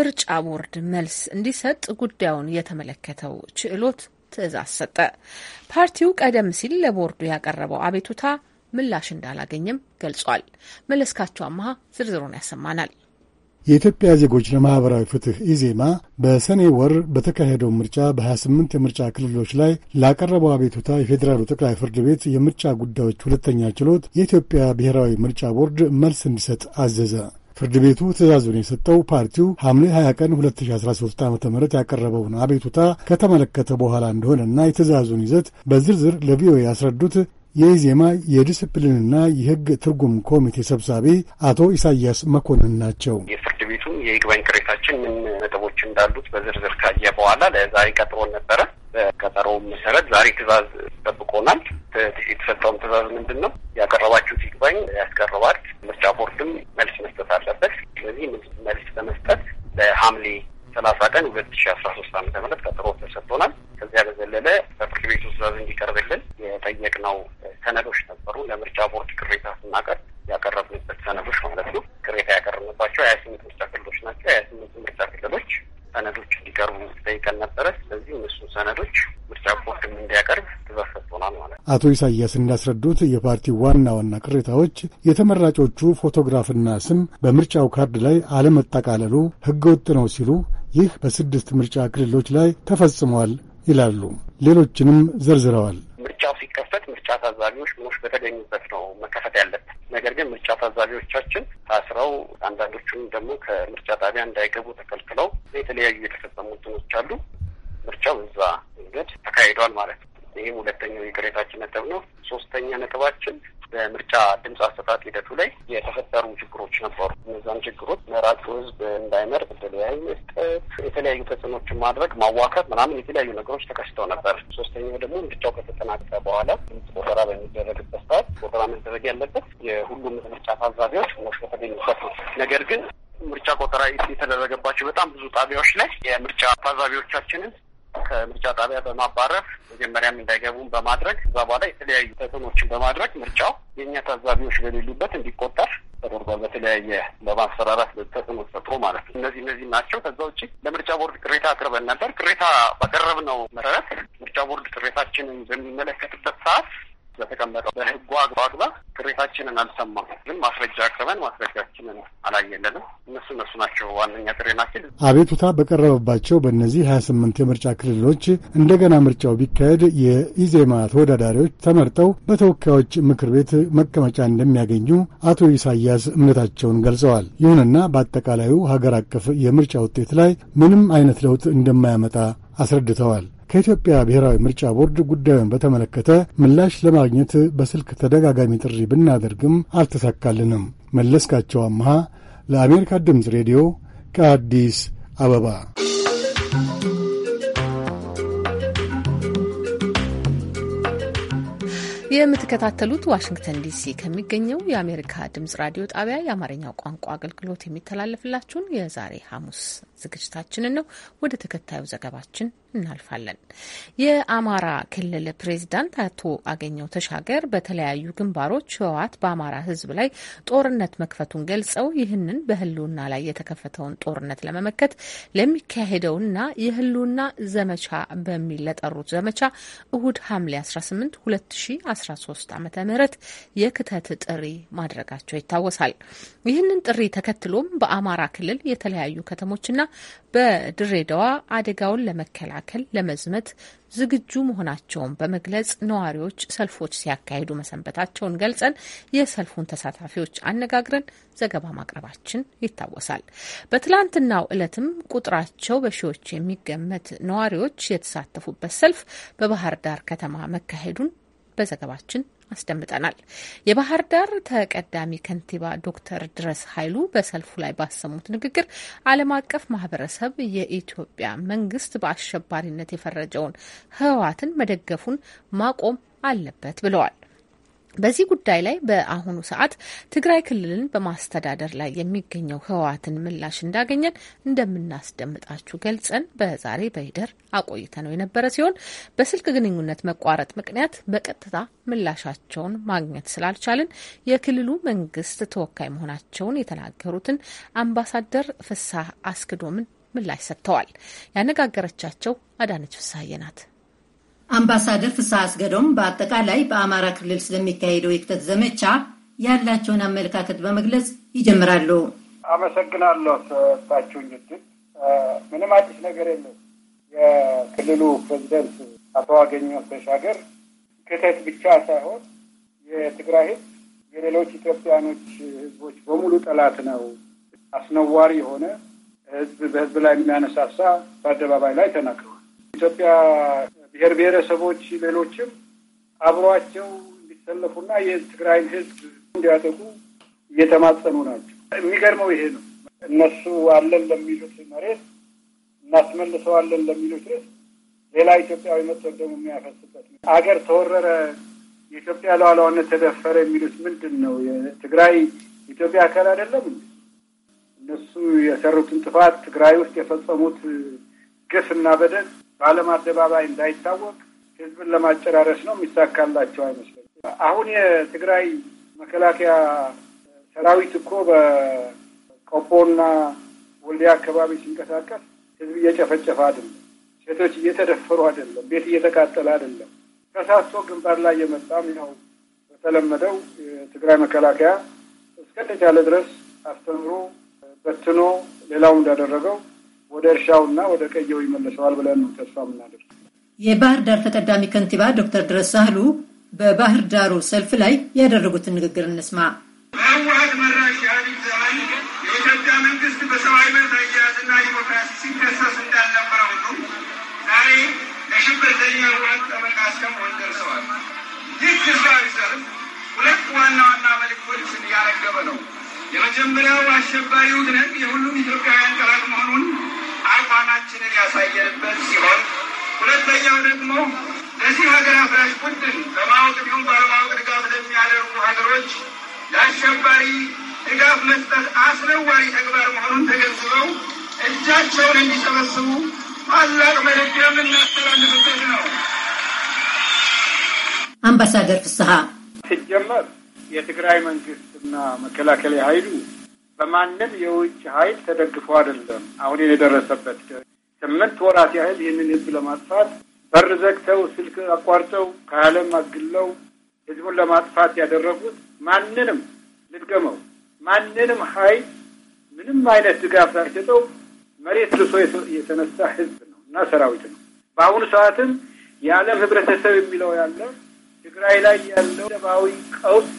ምርጫ ቦርድ መልስ እንዲሰጥ ጉዳዩን የተመለከተው ችሎት ትዕዛዝ ሰጠ። ፓርቲው ቀደም ሲል ለቦርዱ ያቀረበው አቤቱታ ምላሽ እንዳላገኘም ገልጿል። መለስካቸው አመሀ ዝርዝሩን ያሰማናል። የኢትዮጵያ ዜጎች ለማኅበራዊ ፍትሕ ኢዜማ በሰኔ ወር በተካሄደው ምርጫ በ28 የምርጫ ክልሎች ላይ ላቀረበው አቤቱታ የፌዴራሉ ጠቅላይ ፍርድ ቤት የምርጫ ጉዳዮች ሁለተኛ ችሎት የኢትዮጵያ ብሔራዊ ምርጫ ቦርድ መልስ እንዲሰጥ አዘዘ። ፍርድ ቤቱ ትእዛዙን የሰጠው ፓርቲው ሐምሌ 20 ቀን 2013 ዓ ም ያቀረበውን አቤቱታ ከተመለከተ በኋላ እንደሆነና የትእዛዙን ይዘት በዝርዝር ለቪኦኤ ያስረዱት የኢዜማ የዲስፕሊንና የሕግ ትርጉም ኮሚቴ ሰብሳቢ አቶ ኢሳያስ መኮንን ናቸው። የፍርድ ቤቱ የይግባኝ ቅሬታችን ምን ነጥቦች እንዳሉት በዝርዝር ካየ በኋላ ለዛሬ ቀጥሮ ነበረ። በቀጠሮው መሰረት ዛሬ ትእዛዝ ጠብቆናል። የተሰጠውም ትእዛዝ ምንድን ነው? ያቀረባችሁት ይግባኝ ያስቀርባል። ምርጫ ቦርድም መልስ መስጠት አለበት። ስለዚህ መልስ ለመስጠት ለሐምሌ ሰላሳ ቀን ሁለት ሺ አስራ ሶስት አመተ ምህረት ቀጠሮ ተሰጥቶናል። ከዚያ በዘለለ በፍርድ ቤቱ ትዕዛዝ እንዲቀርብልን የጠየቅነው ሰነዶች ነበሩ። ለምርጫ ቦርድ ቅሬታ ስናቀርብ ያቀረብንበት ሰነዶች ማለት ነው። ቅሬታ ያቀረብንባቸው ሀያ ስምንት ምርጫ ክልሎች ናቸው። ሀያ ስምንት ምርጫ ክልሎች ሰነዶች እንዲቀርቡ ጠይቀን ነበረ። ስለዚህ እነሱ ሰነዶች ምርጫ ቦርድም እንዲያቀርብ ትዕዛዝ ሰጥቶናል ማለት ነው። አቶ ኢሳያስ እንዳስረዱት የፓርቲው ዋና ዋና ቅሬታዎች የተመራጮቹ ፎቶግራፍና ስም በምርጫው ካርድ ላይ አለመጠቃለሉ ህገወጥ ነው ሲሉ ይህ በስድስት ምርጫ ክልሎች ላይ ተፈጽሟል ይላሉ። ሌሎችንም ዘርዝረዋል። ምርጫው ሲከፈት ምርጫ ታዛቢዎች ሞሽ በተገኙበት ነው መከፈት ያለበት። ነገር ግን ምርጫ ታዛቢዎቻችን ታስረው አንዳንዶቹም ደግሞ ከምርጫ ጣቢያ እንዳይገቡ ተከልክለው የተለያዩ የተፈጸሙ እንትኖች አሉ። ምርጫው እዛ መንገድ ተካሂዷል ማለት ነው። ይህም ሁለተኛው የቅሬታችን ነጥብ ነው። ሶስተኛ ነጥባችን በምርጫ ድምፅ አሰጣጥ ሂደቱ ላይ የተፈጠሩ ችግሮች ነበሩ። እነዛን ችግሮች መራጩ ህዝብ እንዳይመርጥ የተለያዩ መስጠት፣ የተለያዩ ተጽዕኖችን ማድረግ፣ ማዋከብ ምናምን የተለያዩ ነገሮች ተከስተው ነበር። ሶስተኛው ደግሞ ምርጫው ከተጠናቀቀ በኋላ ድምፅ ቆጠራ በሚደረግበት ሰዓት ቆጠራ መደረግ ያለበት የሁሉም ምርጫ ታዛቢዎች ሞሽ በተገኙበት ነው። ነገር ግን ምርጫ ቆጠራ የተደረገባቸው በጣም ብዙ ጣቢያዎች ላይ የምርጫ ታዛቢዎቻችንን ከምርጫ ጣቢያ በማባረር መጀመሪያም እንዳይገቡም በማድረግ እዛ በኋላ የተለያዩ ተጽዕኖችን በማድረግ ምርጫው የእኛ ታዛቢዎች በሌሉበት እንዲቆጠር ተደርጓል። በተለያየ በማሰራራት ተጽዕኖ ተፈጥሮ ማለት ነው። እነዚህ እነዚህ ናቸው። ከዛ ውጭ ለምርጫ ቦርድ ቅሬታ አቅርበን ነበር። ቅሬታ ባቀረብነው መሰረት ምርጫ ቦርድ ቅሬታችንን በሚመለከትበት ሰዓት በተቀመጠው በህጉ አግባብ ቅሬታችንን አልሰማም። ግን ማስረጃ አቅርበን ማስረጃችንን አላየለንም። እነሱ እነሱ ናቸው ዋነኛ ቅሬናችን። አቤቱታ በቀረበባቸው በእነዚህ ሀያ ስምንት የምርጫ ክልሎች እንደገና ምርጫው ቢካሄድ የኢዜማ ተወዳዳሪዎች ተመርጠው በተወካዮች ምክር ቤት መቀመጫ እንደሚያገኙ አቶ ኢሳያስ እምነታቸውን ገልጸዋል። ይሁንና በአጠቃላዩ ሀገር አቀፍ የምርጫ ውጤት ላይ ምንም አይነት ለውጥ እንደማያመጣ አስረድተዋል። ከኢትዮጵያ ብሔራዊ ምርጫ ቦርድ ጉዳዩን በተመለከተ ምላሽ ለማግኘት በስልክ ተደጋጋሚ ጥሪ ብናደርግም አልተሳካልንም። መለስካቸው አምሃ ለአሜሪካ ድምፅ ሬዲዮ ከአዲስ አበባ። የምትከታተሉት ዋሽንግተን ዲሲ ከሚገኘው የአሜሪካ ድምጽ ራዲዮ ጣቢያ የአማርኛው ቋንቋ አገልግሎት የሚተላለፍላችሁን የዛሬ ሐሙስ ዝግጅታችንን ነው። ወደ ተከታዩ ዘገባችን እናልፋለን። የአማራ ክልል ፕሬዚዳንት አቶ አገኘው ተሻገር በተለያዩ ግንባሮች ህወሓት በአማራ ህዝብ ላይ ጦርነት መክፈቱን ገልጸው ይህንን በህልውና ላይ የተከፈተውን ጦርነት ለመመከት ለሚካሄደውና የህልውና ዘመቻ በሚል ለጠሩት ዘመቻ እሁድ ሐምሌ 18 2013 ዓ ም የክተት ጥሪ ማድረጋቸው ይታወሳል። ይህንን ጥሪ ተከትሎም በአማራ ክልል የተለያዩ ከተሞችና በድሬዳዋ አደጋውን ለመከላከል ማዕከል ለመዝመት ዝግጁ መሆናቸውን በመግለጽ ነዋሪዎች ሰልፎች ሲያካሂዱ መሰንበታቸውን ገልጸን የሰልፉን ተሳታፊዎች አነጋግረን ዘገባ ማቅረባችን ይታወሳል። በትላንትናው ዕለትም ቁጥራቸው በሺዎች የሚገመት ነዋሪዎች የተሳተፉበት ሰልፍ በባህር ዳር ከተማ መካሄዱን በዘገባችን አስደምጠናል። የባህር ዳር ተቀዳሚ ከንቲባ ዶክተር ድረስ ኃይሉ በሰልፉ ላይ ባሰሙት ንግግር ዓለም አቀፍ ማህበረሰብ የኢትዮጵያ መንግስት በአሸባሪነት የፈረጀውን ህወሓትን መደገፉን ማቆም አለበት ብለዋል። በዚህ ጉዳይ ላይ በአሁኑ ሰዓት ትግራይ ክልልን በማስተዳደር ላይ የሚገኘው ህወሓትን ምላሽ እንዳገኘን እንደምናስደምጣችሁ ገልጸን በዛሬ በሂደር አቆይተ ነው የነበረ ሲሆን በስልክ ግንኙነት መቋረጥ ምክንያት በቀጥታ ምላሻቸውን ማግኘት ስላልቻልን የክልሉ መንግስት ተወካይ መሆናቸውን የተናገሩትን አምባሳደር ፍሳህ አስክዶምን ምላሽ ሰጥተዋል። ያነጋገረቻቸው አዳነች ፍሳሀዬ ናት። አምባሳደር ፍስሐ አስገዶም በአጠቃላይ በአማራ ክልል ስለሚካሄደው የክተት ዘመቻ ያላቸውን አመለካከት በመግለጽ ይጀምራሉ። አመሰግናለሁ ሰጣችሁኝ እድል። ምንም አዲስ ነገር የለም። የክልሉ ፕሬዚደንት አቶ አገኘሁ ተሻገር ክተት ብቻ ሳይሆን የትግራይ ህዝብ የሌሎች ኢትዮጵያኖች ህዝቦች በሙሉ ጠላት ነው፣ አስነዋሪ የሆነ ህዝብ በህዝብ ላይ የሚያነሳሳ በአደባባይ ላይ ተናግረዋል። ኢትዮጵያ ብሔር ብሔረሰቦች ሌሎችም አብሯቸው እንዲሰለፉና የትግራይን ህዝብ እንዲያጠቁ እየተማጸኑ ናቸው። የሚገርመው ይሄ ነው። እነሱ አለን ለሚሉት መሬት እናስመልሰዋለን ለሚሉት ርስ ሌላ ኢትዮጵያዊ መጥቶ ደግሞ የሚያፈስበት አገር ተወረረ፣ የኢትዮጵያ ሉዓላዊነት ተደፈረ የሚሉት ምንድን ነው? ትግራይ ኢትዮጵያ አካል አይደለም እነሱ የሰሩትን ጥፋት ትግራይ ውስጥ የፈጸሙት ግፍ እና በደል በዓለም አደባባይ እንዳይታወቅ ህዝብን ለማጨራረስ ነው። የሚሳካላቸው አይመስለኝም። አሁን የትግራይ መከላከያ ሰራዊት እኮ በቆቦና ወልዲያ አካባቢ ሲንቀሳቀስ ህዝብ እየጨፈጨፈ አይደለም፣ ሴቶች እየተደፈሩ አይደለም፣ ቤት እየተቃጠለ አይደለም። ከሳሶ ግንባር ላይ የመጣም ያው በተለመደው የትግራይ መከላከያ እስከተቻለ ድረስ አስተምሮ በትኖ ሌላው እንዳደረገው ወደ እርሻውና ወደ ቀየው ይመለሰዋል ብለን ነው ተስፋ የምናደርግ። የባህር ዳር ተቀዳሚ ከንቲባ ዶክተር ድረስ ሳህሉ በባህር ዳሩ ሰልፍ ላይ ያደረጉትን ንግግር እንስማ። በህወሀት መራሽ የአብይ ዘመን የኢትዮጵያ መንግስት በሰብአዊ መብት አያያዝና ዲሞክራሲ ሲከሰስ እንዳልነበረ ሁሉ ዛሬ ለሽብርተኛ ህወሀት ጠበቃ እስከመሆን ደርሰዋል። ይህ ህዝባዊ ሰልፍ ሁለት ዋና ዋና መልእክቶችን እያነገበ ነው። የመጀመሪያው አሸባሪ ድነት የሁሉም ኢትዮጵያውያን ጠላት መሆኑን አቋማችንን ያሳየንበት ሲሆን፣ ሁለተኛው ደግሞ ለዚህ ሀገር አፍራሽ ቡድን በማወቅ እንዲሁም ባለማወቅ ድጋፍ ለሚያደርጉ ሀገሮች ለአሸባሪ ድጋፍ መስጠት አስነዋሪ ተግባር መሆኑን ተገንዝበው እጃቸውን እንዲሰበስቡ ታላቅ መልዕክት የምናስተላልፍበት ነው። አምባሳደር ፍስሀ ሲጀመር የትግራይ መንግስት እና መከላከያ ኃይሉ በማንም የውጭ ኃይል ተደግፎ አይደለም። አሁን የደረሰበት ስምንት ወራት ያህል ይህንን ህዝብ ለማጥፋት በር ዘግተው ስልክ አቋርጠው ከዓለም አግለው ህዝቡን ለማጥፋት ያደረጉት ማንንም ልድገመው፣ ማንንም ኃይል ምንም አይነት ድጋፍ ሳይሰጠው መሬት ልሶ የተነሳ ህዝብ ነው እና ሰራዊት ነው። በአሁኑ ሰዓትም የዓለም ህብረተሰብ የሚለው ያለ ትግራይ ላይ ያለው ደባዊ ቀውስ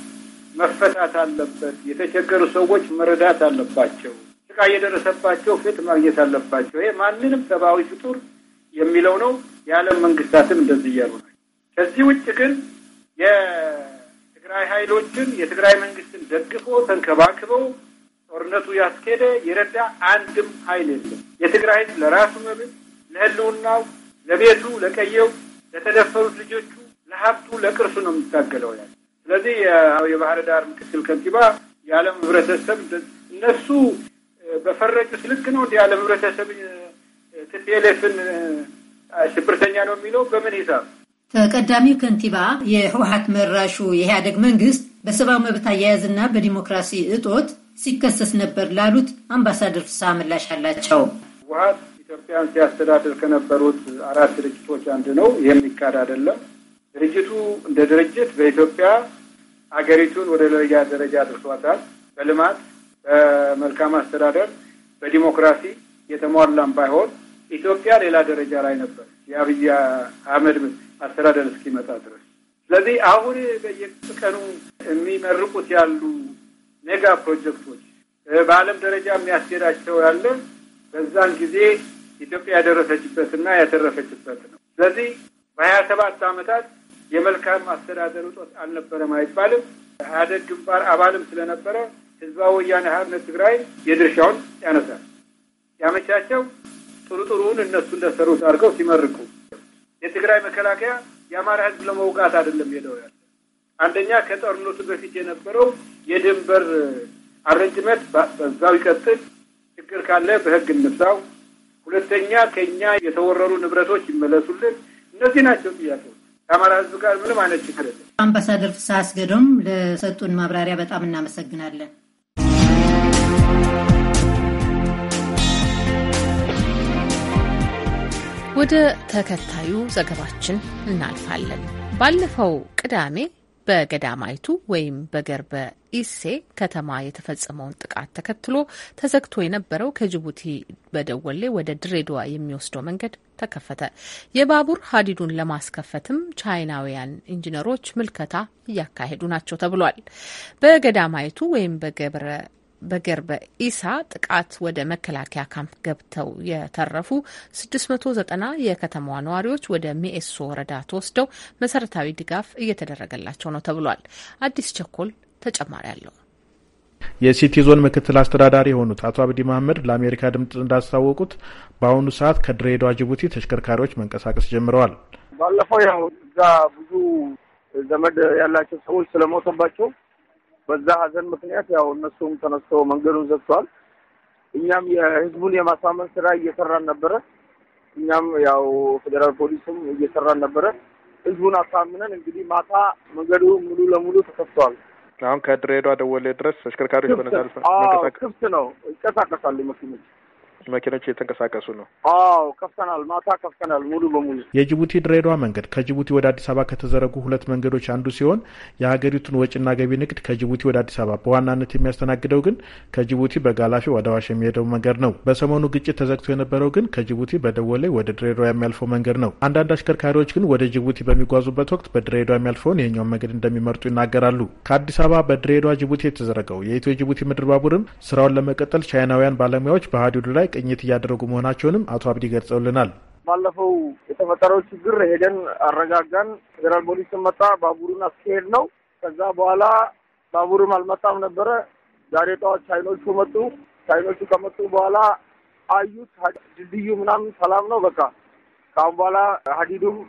መፈታት አለበት። የተቸገሩ ሰዎች መረዳት አለባቸው። ስቃይ የደረሰባቸው ፍትህ ማግኘት አለባቸው። ይሄ ማንንም ሰብአዊ ፍጡር የሚለው ነው። የዓለም መንግስታትም እንደዚህ እያሉ ነው። ከዚህ ውጭ ግን የትግራይ ኃይሎችን የትግራይ መንግስትን ደግፎ ተንከባክበው ጦርነቱ ያስኬደ የረዳ አንድም ኃይል የለም። የትግራይ ህዝብ ለራሱ መብት፣ ለህልውናው፣ ለቤቱ፣ ለቀየው፣ ለተደፈሩት ልጆቹ፣ ለሀብቱ፣ ለቅርሱ ነው የሚታገለው ያለ ስለዚህ የባህር ዳር ምክትል ከንቲባ የዓለም ህብረተሰብ እነሱ በፈረጁት ልክ ነው እንዲ የዓለም ህብረተሰብ ትፒኤልኤፍን ሽብርተኛ ነው የሚለው በምን ሂሳብ? ተቀዳሚው ከንቲባ የህወሀት መራሹ የኢህአደግ መንግስት በሰብአዊ መብት አያያዝና በዲሞክራሲ እጦት ሲከሰስ ነበር ላሉት አምባሳደር ፍስሐ ምላሽ አላቸው። ህወሀት ኢትዮጵያን ሲያስተዳድር ከነበሩት አራት ድርጅቶች አንዱ ነው። ይህም ይካድ አይደለም። ድርጅቱ እንደ ድርጅት በኢትዮጵያ ሀገሪቱን ወደ ሌላ ደረጃ አድርሷታል። በልማት በመልካም አስተዳደር በዲሞክራሲ የተሟላም ባይሆን ኢትዮጵያ ሌላ ደረጃ ላይ ነበር የአብይ አህመድ አስተዳደር እስኪመጣ ድረስ። ስለዚህ አሁን በየቀኑ የሚመርቁት ያሉ ሜጋ ፕሮጀክቶች በዓለም ደረጃ የሚያስኬዳቸው ያለ በዛን ጊዜ ኢትዮጵያ ያደረሰችበትና ያተረፈችበት ነው። ስለዚህ በሀያ ሰባት ዓመታት የመልካም አስተዳደር እጦት አልነበረም አይባልም። ኢህአዴግ ግንባር አባልም ስለነበረ ህዝባዊ ወያነ ሓርነት ትግራይ የድርሻውን ያነሳል። ያመቻቸው ጥሩ ጥሩውን እነሱ እንደሰሩት አድርገው ሲመርቁ፣ የትግራይ መከላከያ የአማራ ህዝብ ለመውጋት አይደለም ሄደው ያለ አንደኛ ከጦርነቱ በፊት የነበረው የድንበር አረንጅመት በዛው ይቀጥል፣ ችግር ካለ በህግ እንፍታው። ሁለተኛ ከኛ የተወረሩ ንብረቶች ይመለሱልን። እነዚህ ናቸው ጥያቄው። ከአማራ ህዝብ ጋር ምንም አይነት ችግር የለም። አምባሳደር ፍስሐ አስገዶም ለሰጡን ማብራሪያ በጣም እናመሰግናለን። ወደ ተከታዩ ዘገባችን እናልፋለን። ባለፈው ቅዳሜ በገዳማይቱ ወይም በገርበ ኢሴ ከተማ የተፈጸመውን ጥቃት ተከትሎ ተዘግቶ የነበረው ከጅቡቲ በደወሌ ወደ ድሬዳዋ የሚወስደው መንገድ ተከፈተ። የባቡር ሀዲዱን ለማስከፈትም ቻይናውያን ኢንጂነሮች ምልከታ እያካሄዱ ናቸው ተብሏል። በገዳማይቱ ወይም በገብረ በገርበ ኢሳ ጥቃት ወደ መከላከያ ካምፕ ገብተው የተረፉ 690 የከተማዋ ነዋሪዎች ወደ ሚኤሶ ወረዳ ተወስደው መሰረታዊ ድጋፍ እየተደረገላቸው ነው ተብሏል። አዲስ ቸኮል ተጨማሪ አለው። የሲቲ ዞን ምክትል አስተዳዳሪ የሆኑት አቶ አብዲ መሀመድ ለአሜሪካ ድምፅ እንዳስታወቁት በአሁኑ ሰዓት ከድሬዳዋ ጅቡቲ ተሽከርካሪዎች መንቀሳቀስ ጀምረዋል። ባለፈው ያው እዛ ብዙ ዘመድ ያላቸው ሰዎች ስለሞተባቸው በዛ ሀዘን ምክንያት ያው እነሱም ተነስቶ መንገዱን ዘግቷል። እኛም የህዝቡን የማሳመን ስራ እየሰራን ነበረ። እኛም ያው ፌዴራል ፖሊስም እየሰራን ነበረ። ህዝቡን አሳምነን እንግዲህ ማታ መንገዱ ሙሉ ለሙሉ ተከፍቷል። አሁን ከድሬዳዋ ደወሌ ድረስ ተሽከርካሪዎች በነዛ መንቀሳቀስ ክፍት ነው፣ ይንቀሳቀሳሉ መኪኖች መኪኖች እየተንቀሳቀሱ ነው? አዎ ከፍተናል፣ ማታ ከፍተናል ሙሉ በሙሉ። የጅቡቲ ድሬዳዋ መንገድ ከጅቡቲ ወደ አዲስ አበባ ከተዘረጉ ሁለት መንገዶች አንዱ ሲሆን የሀገሪቱን ወጪና ገቢ ንግድ ከጅቡቲ ወደ አዲስ አበባ በዋናነት የሚያስተናግደው ግን ከጅቡቲ በጋላፊ ወደ ዋሽ የሚሄደው መንገድ ነው። በሰሞኑ ግጭት ተዘግቶ የነበረው ግን ከጅቡቲ በደወሌ ወደ ድሬዳዋ የሚያልፈው መንገድ ነው። አንዳንድ አሽከርካሪዎች ግን ወደ ጅቡቲ በሚጓዙበት ወቅት በድሬዳዋ የሚያልፈውን ይህኛውን መንገድ እንደሚመርጡ ይናገራሉ። ከአዲስ አበባ በድሬዳዋ ጅቡቲ የተዘረገው የኢትዮ ጅቡቲ ምድር ባቡርም ስራውን ለመቀጠል ቻይናውያን ባለሙያዎች በሀዲዱ ላይ ቅኝት እያደረጉ መሆናቸውንም አቶ አብዲ ገልጸውልናል። ባለፈው የተፈጠረው ችግር ሄደን አረጋጋን። ፌዴራል ፖሊስን መጣ፣ ባቡሩን አስካሄድ ነው። ከዛ በኋላ ባቡርም አልመጣም ነበረ። ዛሬ ጠዋት ቻይኖቹ መጡ። ቻይኖቹ ከመጡ በኋላ አዩት። ድልድዩ ምናምን ሰላም ነው። በቃ ከአሁን በኋላ ሀዲዱም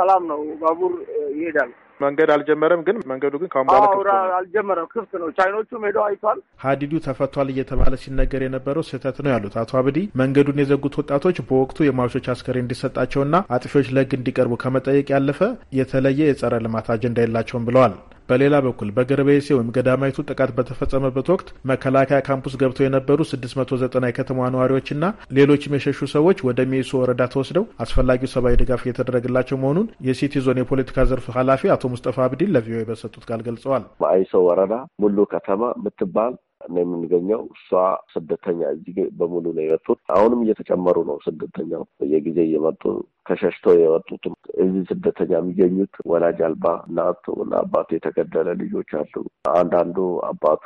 ሰላም ነው፣ ባቡር ይሄዳል። መንገድ አልጀመረም፣ ግን መንገዱ ግን ከአሁን በኋላ ክፍት ነው። አልጀመረም፣ ክፍት ነው። ቻይኖቹም ሄደው አይቷል። ሀዲዱ ተፈቷል እየተባለ ሲነገር የነበረው ስህተት ነው ያሉት አቶ አብዲ መንገዱን የዘጉት ወጣቶች በወቅቱ የሟቾች አስከሬ እንዲሰጣቸውና አጥፊዎች ለህግ እንዲቀርቡ ከመጠየቅ ያለፈ የተለየ የጸረ ልማት አጀንዳ የላቸውም ብለዋል። በሌላ በኩል በገርቤሴ ወይም ገዳማይቱ ጥቃት በተፈጸመበት ወቅት መከላከያ ካምፑስ ገብተው የነበሩ 690 የከተማ ነዋሪዎችና ሌሎችም የሸሹ ሰዎች ወደ ሜሶ ወረዳ ተወስደው አስፈላጊው ሰብአዊ ድጋፍ እየተደረገላቸው መሆኑን የሲቲ ዞን የፖለቲካ ዘርፍ ኃላፊ አቶ ሙስጠፋ አብዲን ለቪኦኤ በሰጡት ቃል ገልጸዋል። በአይሶ ወረዳ ሙሉ ከተማ የምትባል ነው የምንገኘው። እሷ ስደተኛ እዚህ በሙሉ ነው የመጡት። አሁንም እየተጨመሩ ነው ስደተኛው በየጊዜ እየመጡ ከሸሽተው የመጡትም እዚህ ስደተኛ የሚገኙት ወላጅ አልባ እናቱ እና አባቱ የተገደለ ልጆች አሉ። አንዳንዱ አባቱ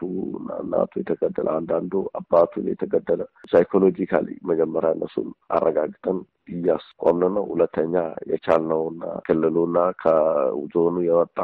እናቱ የተገደለ፣ አንዳንዱ አባቱ የተገደለ። ሳይኮሎጂካሊ መጀመሪያ እነሱን አረጋግጠን እያስቆምን ነው። ሁለተኛ የቻልነውና ክልሉና ከዞኑ የወጣ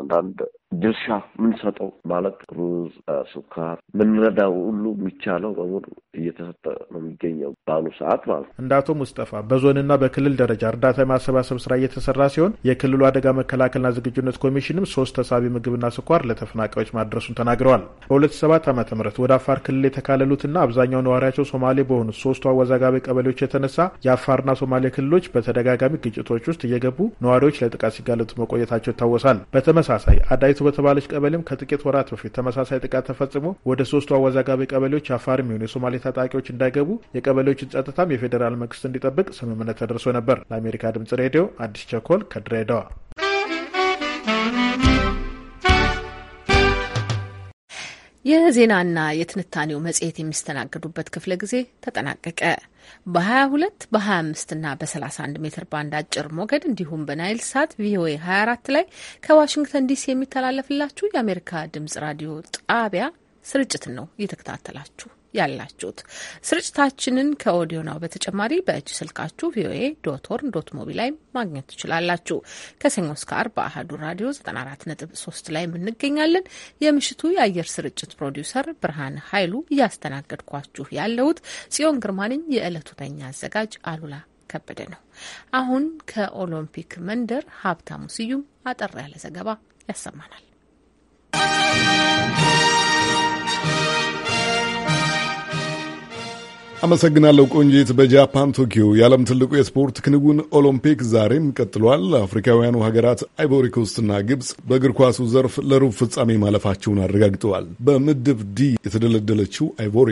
አንዳንድ ድርሻ ምንሰጠው ማለት ሩዝ፣ ስኳር ምንረዳው ሁሉ የሚቻለው በሙሉ እየተሰጠ ነው የሚገኘው በአሁኑ ሰዓት ማለት ነው። እንደ አቶ ሙስጠፋ በዞንና በክልል ደረጃ እርዳታ የማሰባሰብ ስራ እየተሰራ ሲሆን የክልሉ አደጋ መከላከልና ዝግጁነት ኮሚሽንም ሶስት ተሳቢ ምግብና ስኳር ለተፈናቃዮች ማድረሱን ተናግረዋል። በሁለት ሰባት ዓመተ ምህረት ወደ አፋር ክልል የተካለሉትና አብዛኛው ነዋሪያቸው ሶማሌ በሆኑት ሶስቱ አወዛጋቢ ቀበሌዎች የተነሳ የአፋርና ሶማሌ ክልሎች በተደጋጋሚ ግጭቶች ውስጥ እየገቡ ነዋሪዎች ለጥቃት ሲጋለጡ መቆየታቸው ይታወሳል። በተመሳሳይ አዳይቱ በተባለች ቀበሌም ከጥቂት ወራት በፊት ተመሳሳይ ጥቃት ተፈጽሞ ወደ ሶስቱ አወዛጋቢ ቀበሌዎች አፋር የሚሆኑ የሶማሌ ታጣቂዎች እንዳይገቡ የቀበሌዎችን ጸጥታም የፌዴራል መንግስት እንዲጠብቅ ስምምነት ተደርሶ ነበር። ለአሜሪካ ድምጽ ሬዲዮ አዲስ ቸኮል ከድሬዳዋ። የዜናና የትንታኔው መጽሔት የሚስተናገዱበት ክፍለ ጊዜ ተጠናቀቀ። በ22 በ25 እና በ31 ሜትር ባንድ አጭር ሞገድ እንዲሁም በናይል ሳት ቪኦኤ 24 ላይ ከዋሽንግተን ዲሲ የሚተላለፍላችሁ የአሜሪካ ድምጽ ራዲዮ ጣቢያ ስርጭትን ነው እየተከታተላችሁ ያላችሁት። ስርጭታችንን ከኦዲዮ ናው በተጨማሪ በእጅ ስልካችሁ ቪኦኤ ዶት ሆርን ዶት ሞቢ ላይ ማግኘት ትችላላችሁ። ከሰኞ እስከ አርብ ራዲዮ 94.3 ላይ እንገኛለን። የምሽቱ የአየር ስርጭት ፕሮዲውሰር ብርሃን ኃይሉ፣ እያስተናገድኳችሁ ያለሁት ጽዮን ግርማንኝ። የዕለቱ ተኛ አዘጋጅ አሉላ ከበደ ነው። አሁን ከኦሎምፒክ መንደር ሀብታሙ ስዩም አጠር ያለ ዘገባ ያሰማናል። አመሰግናለሁ ቆንጂት። በጃፓን ቶኪዮ የዓለም ትልቁ የስፖርት ክንውን ኦሎምፒክ ዛሬም ቀጥሏል። አፍሪካውያኑ ሀገራት አይቮሪ ኮስትና ግብፅ በእግር ኳሱ ዘርፍ ለሩብ ፍጻሜ ማለፋቸውን አረጋግጠዋል። በምድብ ዲ የተደለደለችው አይቮሪ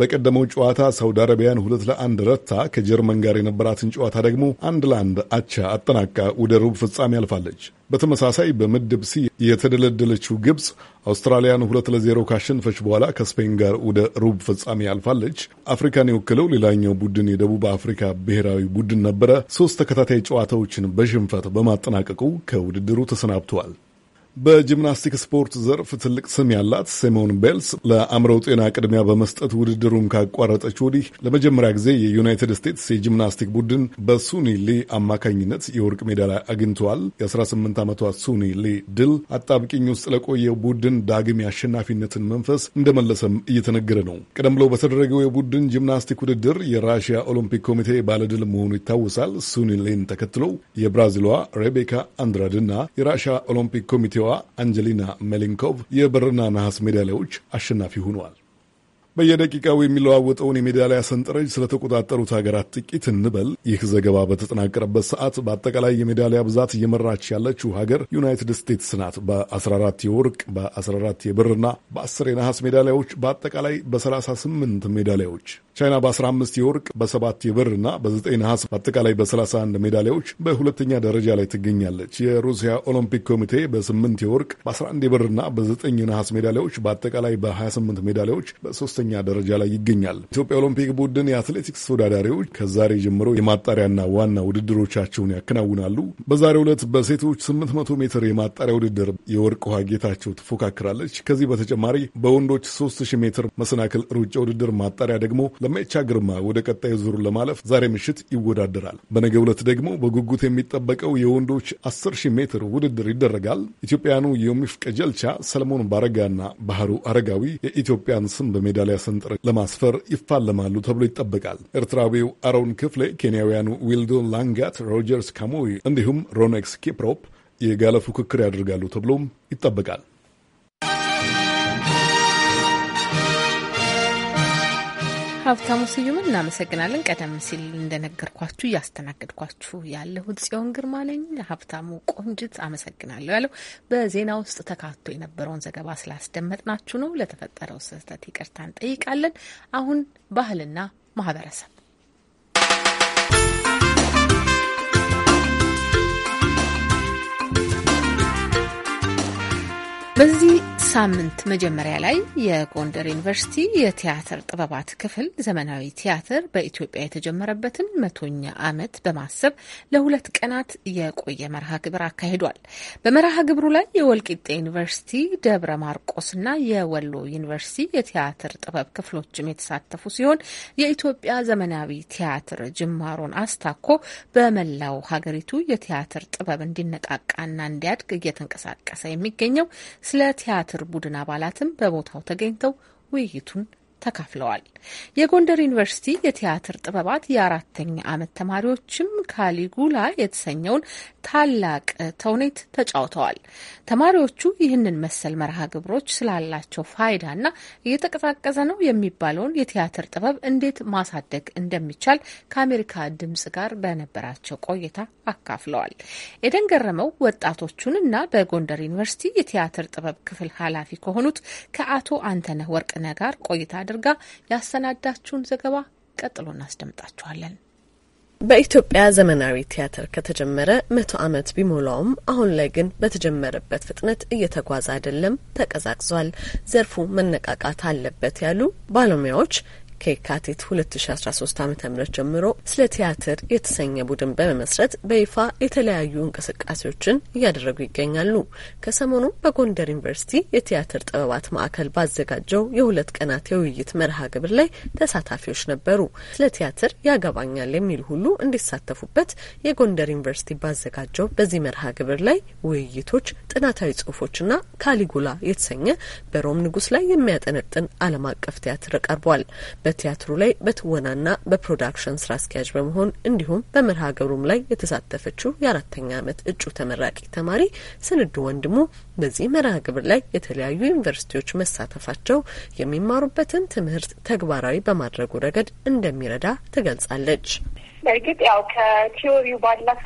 በቀደመው ጨዋታ ሳውዲ አረቢያን ሁለት ለአንድ ረታ ከጀርመን ጋር የነበራትን ጨዋታ ደግሞ አንድ ለአንድ አቻ አጠናቃ ወደ ሩብ ፍጻሜ አልፋለች። በተመሳሳይ በምድብ ሲ የተደለደለችው ግብፅ አውስትራሊያን ሁለት ለዜሮ ካሸንፈች በኋላ ከስፔን ጋር ወደ ሩብ ፍጻሜ ያልፋለች። አፍሪካን የወክለው ሌላኛው ቡድን የደቡብ አፍሪካ ብሔራዊ ቡድን ነበረ። ሶስት ተከታታይ ጨዋታዎችን በሽንፈት በማጠናቀቁ ከውድድሩ ተሰናብተዋል። በጂምናስቲክ ስፖርት ዘርፍ ትልቅ ስም ያላት ሲሞን ቤልስ ለአእምሮው ጤና ቅድሚያ በመስጠት ውድድሩን ካቋረጠች ወዲህ ለመጀመሪያ ጊዜ የዩናይትድ ስቴትስ የጂምናስቲክ ቡድን በሱኒ ሊ አማካኝነት የወርቅ ሜዳሊያ አግኝተዋል። የ18 ዓመቷ ሱኒ ሊ ድል አጣብቂኝ ውስጥ ለቆየ ቡድን ዳግም የአሸናፊነትን መንፈስ እንደመለሰም እየተነገረ ነው። ቀደም ብሎ በተደረገው የቡድን ጂምናስቲክ ውድድር የራሽያ ኦሎምፒክ ኮሚቴ ባለድል መሆኑ ይታወሳል። ሱኒ ሊን ተከትሎ የብራዚሏ ሬቤካ አንድራድ እና የራሽያ ኦሎምፒክ ኮሚቴ ተወላጇ አንጀሊና ሜሊንኮቭ የብርና ነሐስ ሜዳሊያዎች አሸናፊ ሆነዋል። በየደቂቃው የሚለዋወጠውን የሜዳሊያ ሰንጠረዥ ስለተቆጣጠሩት ሀገራት ጥቂት እንበል። ይህ ዘገባ በተጠናቀረበት ሰዓት በአጠቃላይ የሜዳሊያ ብዛት እየመራች ያለችው ሀገር ዩናይትድ ስቴትስ ናት። በ14 የወርቅ፣ በ14 የብርና በ10 የነሐስ ሜዳሊያዎች በአጠቃላይ በ38 ሜዳሊያዎች ቻይና በ15 የወርቅ በሰባት የብር እና በ9 ነሐስ አጠቃላይ በ31 ሜዳሊያዎች በሁለተኛ ደረጃ ላይ ትገኛለች። የሩሲያ ኦሎምፒክ ኮሚቴ በ8 የወርቅ በ11 የብር እና በ9 ነሐስ ሜዳሊያዎች በአጠቃላይ በ28 ሜዳሊያዎች በሶስተኛ ደረጃ ላይ ይገኛል። ኢትዮጵያ ኦሎምፒክ ቡድን የአትሌቲክስ ተወዳዳሪዎች ከዛሬ ጀምሮ የማጣሪያና ዋና ውድድሮቻቸውን ያከናውናሉ። በዛሬው ዕለት በሴቶች 800 ሜትር የማጣሪያ ውድድር የወርቅ ውሃ ጌታቸው ትፎካክራለች። ከዚህ በተጨማሪ በወንዶች 3000 ሜትር መሰናክል ሩጫ ውድድር ማጣሪያ ደግሞ ለመቻ ግርማ ወደ ቀጣይ ዙር ለማለፍ ዛሬ ምሽት ይወዳደራል። በነገ ዕለት ደግሞ በጉጉት የሚጠበቀው የወንዶች 10,000 ሜትር ውድድር ይደረጋል። ኢትዮጵያኑ ዮሚፍ ቀጀልቻ፣ ሰለሞን ባረጋና ባህሩ አረጋዊ የኢትዮጵያን ስም በሜዳሊያ ሰንጠረዥ ለማስፈር ይፋለማሉ ተብሎ ይጠበቃል። ኤርትራዊው አሮን ክፍሌ፣ ኬንያውያኑ ዊልዶን ላንጋት፣ ሮጀርስ ካሞዊ እንዲሁም ሮኔክስ ኬፕሮፕ የጋለ ፉክክር ያደርጋሉ ተብሎም ይጠበቃል። ሀብታሙ ስዩም እናመሰግናለን። ቀደም ሲል እንደነገርኳችሁ እያስተናገድኳችሁ ያለሁት ጽዮን ግርማ ነኝ። ሀብታሙ ቆንጅት አመሰግናለሁ ያለው በዜና ውስጥ ተካቶ የነበረውን ዘገባ ስላስደመጥናችሁ ነው። ለተፈጠረው ስህተት ይቅርታ እንጠይቃለን። አሁን ባህልና ማህበረሰብ በዚህ ሳምንት መጀመሪያ ላይ የጎንደር ዩኒቨርሲቲ የቲያትር ጥበባት ክፍል ዘመናዊ ቲያትር በኢትዮጵያ የተጀመረበትን መቶኛ ዓመት በማሰብ ለሁለት ቀናት የቆየ መርሃ ግብር አካሂዷል። በመርሃ ግብሩ ላይ የወልቂጤ ዩኒቨርሲቲ፣ ደብረ ማርቆስና የወሎ ዩኒቨርሲቲ የቲያትር ጥበብ ክፍሎችም የተሳተፉ ሲሆን የኢትዮጵያ ዘመናዊ ቲያትር ጅማሮን አስታኮ በመላው ሀገሪቱ የቲያትር ጥበብ እንዲነቃቃና እንዲያድግ እየተንቀሳቀሰ የሚገኘው ስለ ቲያትር ቡድን አባላትም በቦታው ተገኝተው ውይይቱን ተካፍለዋል። የጎንደር ዩኒቨርሲቲ የቲያትር ጥበባት የአራተኛ ዓመት ተማሪዎችም ካሊጉላ የተሰኘውን ታላቅ ተውኔት ተጫውተዋል። ተማሪዎቹ ይህንን መሰል መርሃ ግብሮች ስላላቸው ፋይዳና እየተቀዛቀዘ ነው የሚባለውን የቲያትር ጥበብ እንዴት ማሳደግ እንደሚቻል ከአሜሪካ ድምጽ ጋር በነበራቸው ቆይታ አካፍለዋል። ኤደን ገረመው ወጣቶቹን እና በጎንደር ዩኒቨርሲቲ የቲያትር ጥበብ ክፍል ኃላፊ ከሆኑት ከአቶ አንተነህ ወርቅነህ ጋር ቆይታ አድርጋ ያሰናዳችውን ዘገባ ቀጥሎ እናስደምጣችኋለን። በኢትዮጵያ ዘመናዊ ቲያትር ከተጀመረ መቶ ዓመት ቢሞላውም አሁን ላይ ግን በተጀመረበት ፍጥነት እየተጓዘ አይደለም፣ ተቀዛቅዟል፣ ዘርፉ መነቃቃት አለበት ያሉ ባለሙያዎች ከየካቲት 2013 ዓ ም ጀምሮ ስለ ቲያትር የተሰኘ ቡድን በመመስረት በይፋ የተለያዩ እንቅስቃሴዎችን እያደረጉ ይገኛሉ። ከሰሞኑ በጎንደር ዩኒቨርሲቲ የቲያትር ጥበባት ማዕከል ባዘጋጀው የሁለት ቀናት የውይይት መርሃ ግብር ላይ ተሳታፊዎች ነበሩ። ስለ ቲያትር ያገባኛል የሚል ሁሉ እንዲሳተፉበት የጎንደር ዩኒቨርሲቲ ባዘጋጀው በዚህ መርሃ ግብር ላይ ውይይቶች፣ ጥናታዊ ጽሁፎችና ካሊጉላ የተሰኘ በሮም ንጉስ ላይ የሚያጠነጥን ዓለም አቀፍ ቲያትር ቀርቧል። በቲያትሩ ላይ በትወናና በፕሮዳክሽን ስራ አስኪያጅ በመሆን እንዲሁም በመርሃ ግብሩም ላይ የተሳተፈችው የአራተኛ ዓመት እጩ ተመራቂ ተማሪ ስንዱ ወንድሙ በዚህ መርሃ ግብር ላይ የተለያዩ ዩኒቨርሲቲዎች መሳተፋቸው የሚማሩበትን ትምህርት ተግባራዊ በማድረጉ ረገድ እንደሚረዳ ትገልጻለች። በእርግጥ ያው ከቲዮሪው ባለፈ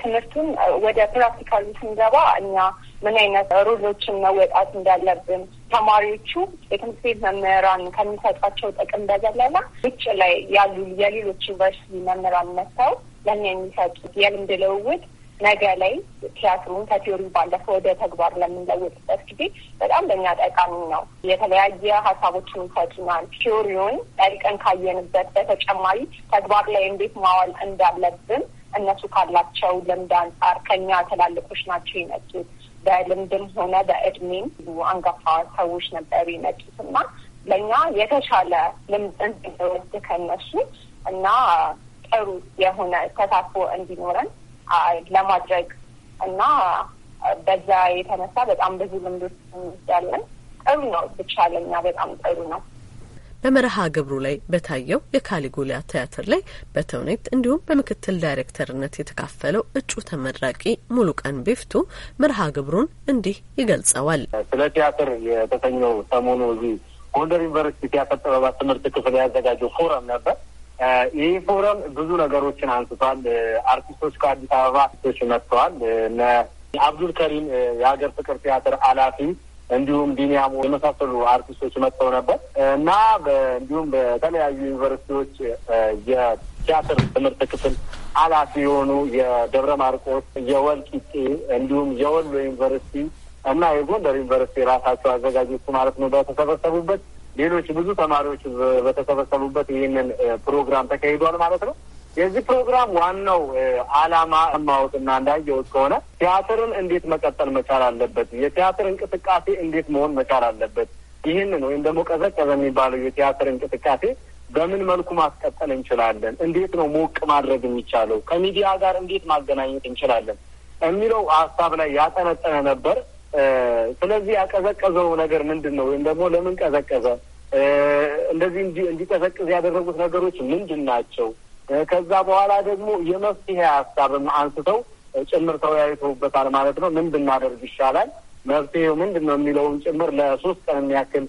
ትምህርቱን ወደ ፕራክቲካሉ ስንገባ እኛ ምን አይነት ሮሎችን መወጣት እንዳለብን ተማሪዎቹ የትምህርት ቤት መምህራን ከሚሰጧቸው ጥቅም በዘለላ ውጭ ላይ ያሉ የሌሎች ዩኒቨርሲቲ መምህራን መጥተው ለእኛ የሚሰጡት የልምድ ልውውጥ ነገ ላይ ቲያትሩን ከቲዮሪ ባለፈ ወደ ተግባር ለምንለውጥበት ጊዜ በጣም ለእኛ ጠቃሚ ነው። የተለያየ ሀሳቦችን ይሰጡናል። ቲዮሪውን ጠልቀን ካየንበት በተጨማሪ ተግባር ላይ እንዴት ማዋል እንዳለብን እነሱ ካላቸው ልምድ አንጻር ከኛ ትላልቆች ናቸው ይመጡት በልምድም ሆነ በእድሜም አንጋፋ ሰዎች ነበር የመጡት እና ለእኛ የተሻለ ልምድን እንድንወስድ ከነሱ እና ጥሩ የሆነ ተሳትፎ እንዲኖረን ለማድረግ እና በዛ የተነሳ በጣም ብዙ ልምዶች ያለን ጥሩ ነው ብቻ ለእኛ በጣም ጥሩ ነው። በመርሃ ግብሩ ላይ በታየው የካሊጉላ ቲያትር ላይ በተውኔት እንዲሁም በምክትል ዳይሬክተርነት የተካፈለው እጩ ተመራቂ ሙሉቀን ቢፍቱ መርሃ ግብሩን እንዲህ ይገልጸዋል። ስለ ቲያትር የተሰኘው ሰሞኑ እዚህ ጎንደር ዩኒቨርሲቲ ቲያትር ጥበባት ትምህርት ክፍል ያዘጋጀው ፎረም ነበር። ይህ ፎረም ብዙ ነገሮችን አንስቷል። አርቲስቶች ከአዲስ አበባ አርቲስቶች መጥተዋል። እነ አብዱል ከሪም የሀገር ፍቅር ቲያትር ኃላፊ እንዲሁም ዲኒያሞ የመሳሰሉ አርቲስቶች መጥተው ነበር እና እንዲሁም በተለያዩ ዩኒቨርሲቲዎች የቲያትር ትምህርት ክፍል ኃላፊ የሆኑ የደብረ ማርቆስ፣ የወልቂጤ እንዲሁም የወሎ ዩኒቨርሲቲ እና የጎንደር ዩኒቨርሲቲ ራሳቸው አዘጋጆቹ ማለት ነው በተሰበሰቡበት ሌሎች ብዙ ተማሪዎች በተሰበሰቡበት ይህንን ፕሮግራም ተካሂዷል ማለት ነው። የዚህ ፕሮግራም ዋናው ዓላማ ማወቅና እንዳየሁት ከሆነ ቲያትርን እንዴት መቀጠል መቻል አለበት፣ የቲያትር እንቅስቃሴ እንዴት መሆን መቻል አለበት፣ ይህንን ወይም ደግሞ ቀዘቀዘ የሚባለው የቲያትር እንቅስቃሴ በምን መልኩ ማስቀጠል እንችላለን፣ እንዴት ነው ሞቅ ማድረግ የሚቻለው፣ ከሚዲያ ጋር እንዴት ማገናኘት እንችላለን የሚለው ሀሳብ ላይ ያጠነጠነ ነበር። ስለዚህ ያቀዘቀዘው ነገር ምንድን ነው ወይም ደግሞ ለምን ቀዘቀዘ፣ እንደዚህ እንዲቀዘቅዝ ያደረጉት ነገሮች ምንድን ናቸው ከዛ በኋላ ደግሞ የመፍትሄ ሀሳብም አንስተው ጭምር ተወያይተውበታል ማለት ነው። ምን ብናደርግ ይሻላል፣ መፍትሄው ምንድን ነው የሚለውን ጭምር ለሶስት ቀን የሚያክል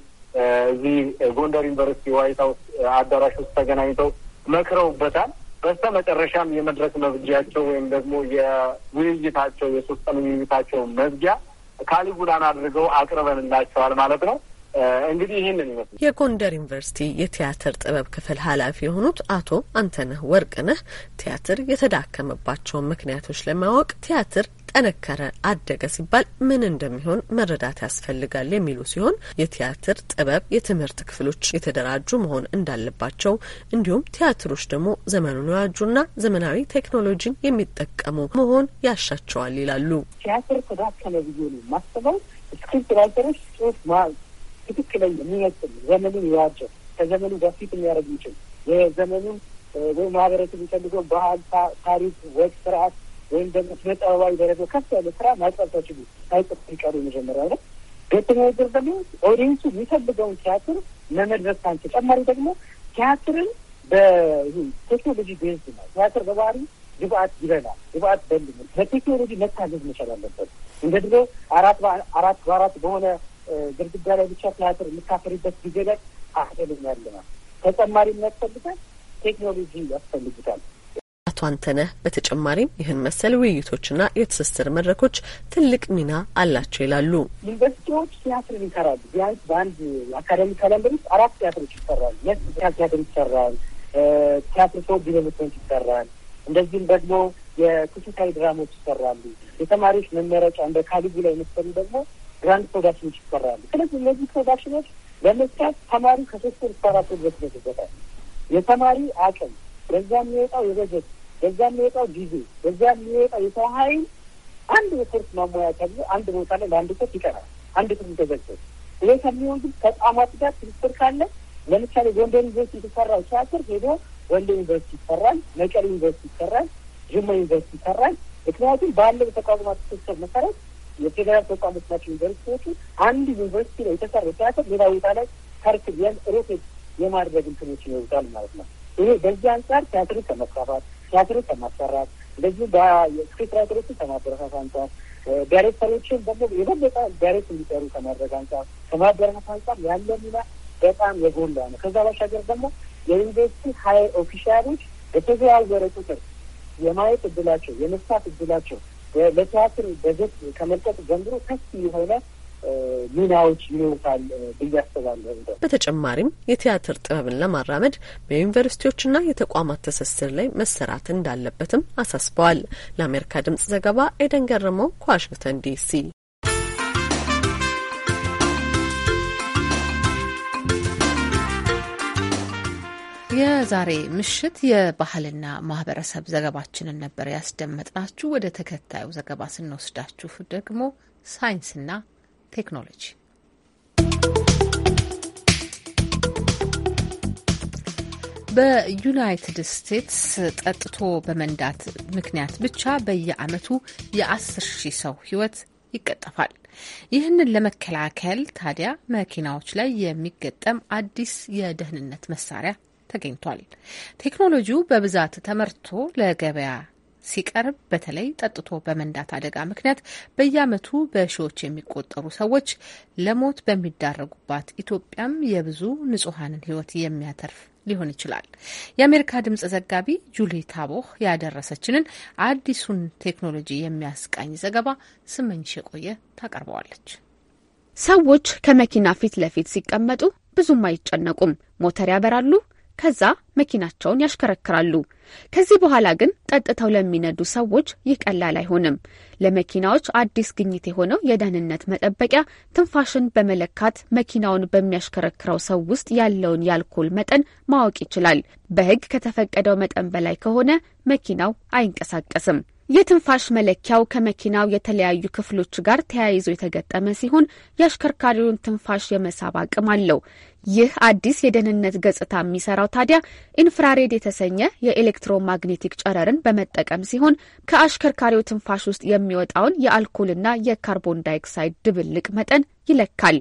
እዚህ ጎንደር ዩኒቨርሲቲ ዋይት ሀውስ አዳራሽ ውስጥ ተገናኝተው መክረውበታል። በስተ መጨረሻም የመድረክ መዝጊያቸው ወይም ደግሞ የውይይታቸው የሶስት ቀን ውይይታቸው መዝጊያ ካሊጉላን አድርገው አቅርበንላቸዋል ማለት ነው። እንግዲህ ይህንን ይመስል የጎንደር ዩኒቨርሲቲ የቲያትር ጥበብ ክፍል ኃላፊ የሆኑት አቶ አንተነህ ወርቅነህ ቲያትር የተዳከመባቸውን ምክንያቶች ለማወቅ ቲያትር ጠነከረ፣ አደገ ሲባል ምን እንደሚሆን መረዳት ያስፈልጋል የሚሉ ሲሆን የቲያትር ጥበብ የትምህርት ክፍሎች የተደራጁ መሆን እንዳለባቸው እንዲሁም ቲያትሮች ደግሞ ዘመኑን የዋጁና ዘመናዊ ቴክኖሎጂን የሚጠቀሙ መሆን ያሻቸዋል ይላሉ። ቲያትር ተዳከመ ብዬ ነው ማስበው። ስክሪፕት ራይተሮች ጽሁፍ ትክክለኛ የሚመስል ዘመኑን የዋጀ ከዘመኑ በፊት የሚያደርግ ይችል የዘመኑን ወይ ማህበረሰብ የሚፈልገው ባህል፣ ታሪክ፣ ወግ፣ ስርዓት ወይም ደግሞ ስነ ጥበባዊ ደረጃ ከፍ ያለ ስራ ማቅረብ ተችሉ ሳይጽፍ ሲቀሩ የመጀመሪያ ነው። ሁለተኛ ነገር ደግሞ ኦዲንሱ የሚፈልገውን ቲያትር ለመድረስ ታን ተጨማሪ ደግሞ ቲያትርን በቴክኖሎጂ ቤዝድ ነው። ቲያትር በባህሪ ግብአት ይበላል፣ ግብአት በልም በቴክኖሎጂ መታዘዝ መቻል አለበት። እንደ ድሮ አራት በአራት በሆነ ግርግዳ ላይ ብቻ ቲያትር የምታፈሪበት ጊዜ ላይ ያለ ነው። ተጨማሪም ያስፈልጋል፣ ቴክኖሎጂ ያስፈልግታል። አቶ አንተነህ በተጨማሪም ይህን መሰል ውይይቶችና የትስስር መድረኮች ትልቅ ሚና አላቸው ይላሉ። ዩኒቨርሲቲዎች ቲያትር ይሰራሉ። ቢያንስ በአንድ አካደሚ ካላንደር ውስጥ አራት ቲያትሮች ይሰራል። መስል ቲያትር ይሰራል፣ ቲያትር ሰው ቢለምቶች ይሰራል። እንደዚህም ደግሞ የክሱታዊ ድራሞች ይሰራሉ። የተማሪዎች መመረጫ እንደ ካሊጉላ የመሰሉ ደግሞ ግራንድ ፕሮዳክሽኖች ይሰራሉ። ስለዚህ እነዚህ ፕሮዳክሽኖች ለመስራት ተማሪ ከሶስት ወር እስከ ድረስ ይፈጅበታል። የተማሪ አቅም፣ በዛ የሚወጣው የበጀት፣ በዛ የሚወጣው ጊዜ፣ በዛ የሚወጣው የሰው ኃይል አንድ የኮርስ ማሟያ ተብሎ አንድ ቦታ ላይ ለአንድ ኮርስ ይቀራል። አንድ ክፍል ተዘግቶ ይሄ ከሚሆን ግን ተቋማት ጋር ትስስር ካለ ለምሳሌ ጎንደር ዩኒቨርሲቲ የተሰራው ቲያትር ሄዶ ወንደ ዩኒቨርሲቲ ይሰራል፣ መቀሌ ዩኒቨርሲቲ ይሰራል፣ ጅማ ዩኒቨርሲቲ ይሰራል። ምክንያቱም ባለው የተቋማት ትስስር መሰረት የፌዴራል ተቋሞች ናቸው ዩኒቨርሲቲዎቹ። አንድ ዩኒቨርሲቲ ላይ የተሰሩ ቲያትር ሌላ ቦታ ላይ ተርክ ቢያን ሮቴት የማድረግ እንትኖች ይወጣል ማለት ነው። ይሄ በዚህ አንጻር ቲያትሩ ከመስፋፋት ቲያትሩ ከማሰራት እንደዚሁ ስክሪፕት ራይተሮችን ከማበረታት አንጻር ዳይሬክተሮችን ደግሞ የበለጠ ዳይሬክት እንዲጠሩ ከማድረግ አንጻር ከማበረታት አንጻር ያለ ሚና በጣም የጎላ ነው። ከዛ ባሻገር ደግሞ የዩኒቨርሲቲ ሀይ ኦፊሻሎች በተዘዋወረ ቁጥር የማየት እድላቸው የመስፋት እድላቸው ለቲያትር በጀት ከመልቀጥ ጀምሮ ከፍ የሆነ ሚናዎች ይኖሩታል ብዬ አስባለሁ። በተጨማሪም የቲያትር ጥበብን ለማራመድ በዩኒቨርሲቲዎችና የተቋማት ትስስር ላይ መሰራት እንዳለበትም አሳስበዋል። ለአሜሪካ ድምጽ ዘገባ ኤደን ገረመው ከዋሽንግተን ዲሲ የዛሬ ምሽት የባህልና ማህበረሰብ ዘገባችንን ነበር ያስደመጥናችሁ። ወደ ተከታዩ ዘገባ ስንወስዳችሁ ደግሞ ሳይንስና ቴክኖሎጂ በዩናይትድ ስቴትስ ጠጥቶ በመንዳት ምክንያት ብቻ በየዓመቱ የአስር ሺህ ሰው ህይወት ይቀጠፋል። ይህንን ለመከላከል ታዲያ መኪናዎች ላይ የሚገጠም አዲስ የደህንነት መሳሪያ ተገኝቷል። ቴክኖሎጂው በብዛት ተመርቶ ለገበያ ሲቀርብ በተለይ ጠጥቶ በመንዳት አደጋ ምክንያት በየዓመቱ በሺዎች የሚቆጠሩ ሰዎች ለሞት በሚዳረጉባት ኢትዮጵያም የብዙ ንጹሐንን ሕይወት የሚያተርፍ ሊሆን ይችላል። የአሜሪካ ድምጽ ዘጋቢ ጁሊ ታቦህ ያደረሰችንን አዲሱን ቴክኖሎጂ የሚያስቃኝ ዘገባ ስመኝሽ የቆየ ታቀርበዋለች። ሰዎች ከመኪና ፊት ለፊት ሲቀመጡ ብዙም አይጨነቁም። ሞተር ያበራሉ፣ ከዛ መኪናቸውን ያሽከረክራሉ። ከዚህ በኋላ ግን ጠጥተው ለሚነዱ ሰዎች ይህ ቀላል አይሆንም። ለመኪናዎች አዲስ ግኝት የሆነው የደህንነት መጠበቂያ ትንፋሽን በመለካት መኪናውን በሚያሽከረክረው ሰው ውስጥ ያለውን የአልኮል መጠን ማወቅ ይችላል። በሕግ ከተፈቀደው መጠን በላይ ከሆነ መኪናው አይንቀሳቀስም። የትንፋሽ መለኪያው ከመኪናው የተለያዩ ክፍሎች ጋር ተያይዞ የተገጠመ ሲሆን የአሽከርካሪውን ትንፋሽ የመሳብ አቅም አለው። ይህ አዲስ የደህንነት ገጽታ የሚሰራው ታዲያ ኢንፍራሬድ የተሰኘ የኤሌክትሮማግኔቲክ ጨረርን በመጠቀም ሲሆን ከአሽከርካሪው ትንፋሽ ውስጥ የሚወጣውን የአልኮልና የካርቦን ዳይኦክሳይድ ድብልቅ መጠን ይለካል።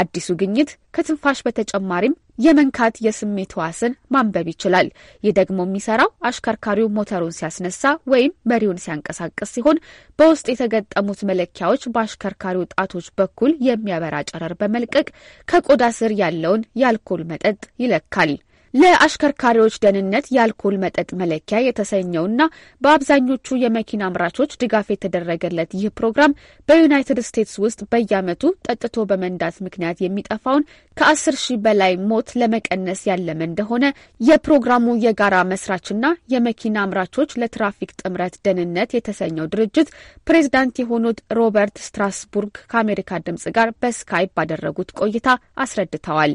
አዲሱ ግኝት ከትንፋሽ በተጨማሪም የመንካት የስሜት ህዋስን ማንበብ ይችላል። ይህ ደግሞ የሚሰራው አሽከርካሪው ሞተሩን ሲያስነሳ ወይም መሪውን ሲያንቀሳቅስ ሲሆን በውስጥ የተገጠሙት መለኪያዎች በአሽከርካሪው ጣቶች በኩል የሚያበራ ጨረር በመልቀቅ ከቆዳ ስር ያለውን ያለውን የአልኮል መጠጥ ይለካል። ለአሽከርካሪዎች ደህንነት የአልኮል መጠጥ መለኪያ የተሰኘውና በአብዛኞቹ የመኪና አምራቾች ድጋፍ የተደረገለት ይህ ፕሮግራም በዩናይትድ ስቴትስ ውስጥ በየዓመቱ ጠጥቶ በመንዳት ምክንያት የሚጠፋውን ከአስር ሺህ በላይ ሞት ለመቀነስ ያለመ እንደሆነ የፕሮግራሙ የጋራ መስራችና የመኪና አምራቾች ለትራፊክ ጥምረት ደህንነት የተሰኘው ድርጅት ፕሬዚዳንት የሆኑት ሮበርት ስትራስቡርግ ከአሜሪካ ድምጽ ጋር በስካይፕ ባደረጉት ቆይታ አስረድተዋል።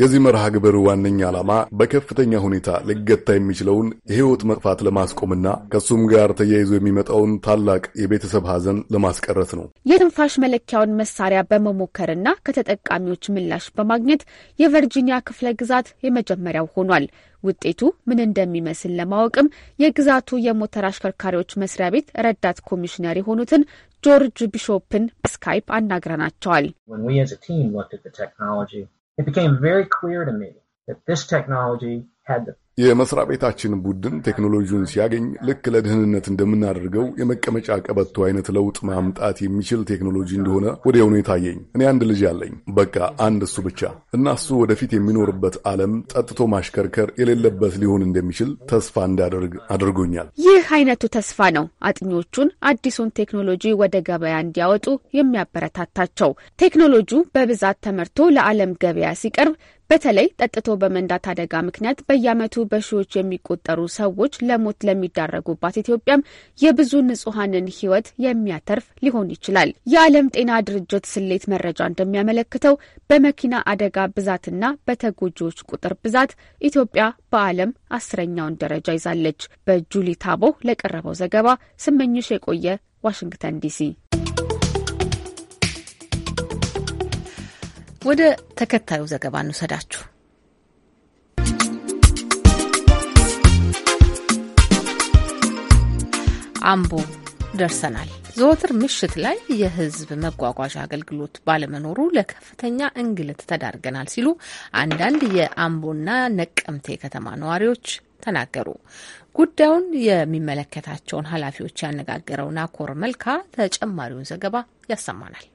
የዚህ መርሃ ግብር ዋነኛ ዓላማ በከፍተኛ ሁኔታ ሊገታ የሚችለውን የህይወት መጥፋት ለማስቆምና ከሱም ጋር ተያይዞ የሚመጣውን ታላቅ የቤተሰብ ሐዘን ለማስቀረት ነው። የትንፋሽ መለኪያውን መሳሪያ በመሞከርና ከተጠቃሚዎች ምላሽ በማግኘት የቨርጂኒያ ክፍለ ግዛት የመጀመሪያው ሆኗል። ውጤቱ ምን እንደሚመስል ለማወቅም የግዛቱ የሞተር አሽከርካሪዎች መስሪያ ቤት ረዳት ኮሚሽነር የሆኑትን ጆርጅ ቢሾፕን በስካይፕ አናግረናቸዋል። የመስሪያ ቤታችን ቡድን ቴክኖሎጂውን ሲያገኝ ልክ ለደህንነት እንደምናደርገው የመቀመጫ ቀበቶ አይነት ለውጥ ማምጣት የሚችል ቴክኖሎጂ እንደሆነ ወዲያውኑ የታየኝ። እኔ አንድ ልጅ አለኝ፣ በቃ አንድ እሱ ብቻ እና እሱ ወደፊት የሚኖርበት ዓለም ጠጥቶ ማሽከርከር የሌለበት ሊሆን እንደሚችል ተስፋ እንዳደርግ አድርጎኛል። ይህ አይነቱ ተስፋ ነው አጥኚዎቹን አዲሱን ቴክኖሎጂ ወደ ገበያ እንዲያወጡ የሚያበረታታቸው። ቴክኖሎጂው በብዛት ተመርቶ ለዓለም ገበያ ሲቀርብ በተለይ ጠጥቶ በመንዳት አደጋ ምክንያት በየዓመቱ በሺዎች የሚቆጠሩ ሰዎች ለሞት ለሚዳረጉባት ኢትዮጵያም የብዙ ንጹሐንን ሕይወት የሚያተርፍ ሊሆን ይችላል። የዓለም ጤና ድርጅት ስሌት መረጃ እንደሚያመለክተው በመኪና አደጋ ብዛትና በተጎጂዎች ቁጥር ብዛት ኢትዮጵያ በዓለም አስረኛውን ደረጃ ይዛለች። በጁሊ ታቦ ለቀረበው ዘገባ ስመኝሽ የቆየ ዋሽንግተን ዲሲ። ወደ ተከታዩ ዘገባ እንውሰዳችሁ። አምቦ ደርሰናል። ዘወትር ምሽት ላይ የሕዝብ መጓጓዣ አገልግሎት ባለመኖሩ ለከፍተኛ እንግልት ተዳርገናል ሲሉ አንዳንድ የአምቦና ነቀምቴ ከተማ ነዋሪዎች ተናገሩ። ጉዳዩን የሚመለከታቸውን ኃላፊዎች ያነጋገረው ናኮር መልካ ተጨማሪውን ዘገባ ያሰማናል።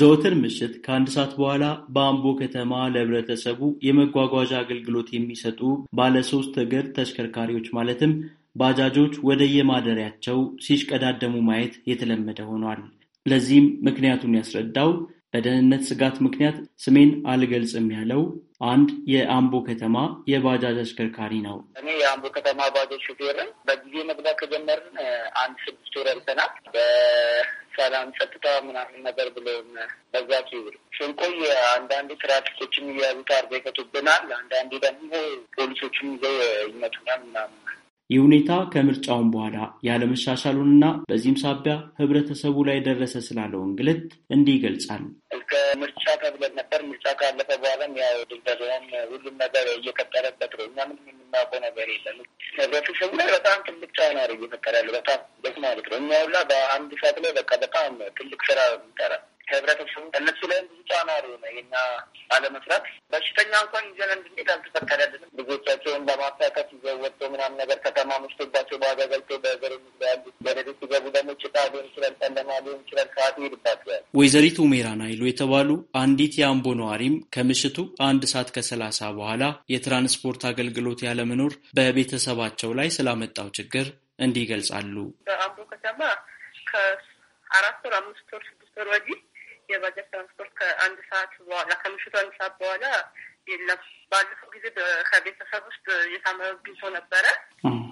ዘወትር ምሽት ከአንድ ሰዓት በኋላ በአምቦ ከተማ ለህብረተሰቡ የመጓጓዣ አገልግሎት የሚሰጡ ባለሶስት እግር ተሽከርካሪዎች ማለትም ባጃጆች ወደየማደሪያቸው ሲሽቀዳደሙ ማየት የተለመደ ሆኗል። ለዚህም ምክንያቱን ያስረዳው በደህንነት ስጋት ምክንያት ስሜን አልገልጽም ያለው አንድ የአምቦ ከተማ የባጃጅ አሽከርካሪ ነው። እኔ የአምቦ ከተማ ባጃጅ ሹፌር በጊዜ መግዳ ከጀመርን አንድ ስድስት ወር ያልፈናል። በሰላም ጸጥታ ምናምን ነገር ብለውም በዛ ሲውር ስንቆይ አንዳንድ ትራፊኮችን እየያዙ ታርጋ ይፈቱብናል። አንዳንዴ ደግሞ ፖሊሶችም ይዘው ይመቱናል ምናምን ይህ ሁኔታ ከምርጫውን በኋላ ያለመሻሻሉንና በዚህም ሳቢያ ህብረተሰቡ ላይ ደረሰ ስላለው እንግልት እንዲህ ይገልጻል። እስከ ምርጫ ተብለን ነበር። ምርጫ ካለፈ በኋላም ያው ድንበዛም ሁሉም ነገር እየቀጠለበት ነው። እኛ ምንም የምናውቀው ነገር የለም። ህብረተሰቡ ላይ በጣም ትልቅ ጫና ነው እየፈጠረ ያለ በጣም ደስ ማለት ነው። እኛ ሁላ በአንድ ሰዓት ላይ በቃ በጣም ትልቅ ስራ ይጠራል ህብረተሰቡ እነሱ ላይም ብዙ ጫና ሆነ የኛ አለመስራት በሽተኛ እንኳን ይዘን እንድንሄድ አልተፈቀደልንም። ልጆቻቸውን ለማሳካት ይዘው ወጥቶ ምናምን ነገር ከተማ መሽቶባቸው በዋጋ ገልቶ በዘር ያሉ በሌሊት ሲገቡ ደግሞ ጭቃ ሊሆን ይችላል፣ ጨለማ ሊሆን ይችላል፣ ሰዓት ይሄድባቸዋል። ወይዘሪቱ ሜራ ናይሉ የተባሉ አንዲት የአምቦ ነዋሪም ከምሽቱ አንድ ሰዓት ከሰላሳ በኋላ የትራንስፖርት አገልግሎት ያለመኖር በቤተሰባቸው ላይ ስላመጣው ችግር እንዲህ ይገልጻሉ። በአምቦ ከተማ ከአራት ወር አምስት ወር ስድስት ወር ወዲህ የባጃጅ ትራንስፖርት ከአንድ ሰዓት በኋላ ከምሽቱ አንድ ሰዓት በኋላ የለም። ባለፈው ጊዜ ከቤተሰብ ውስጥ የታመመ ነበረ።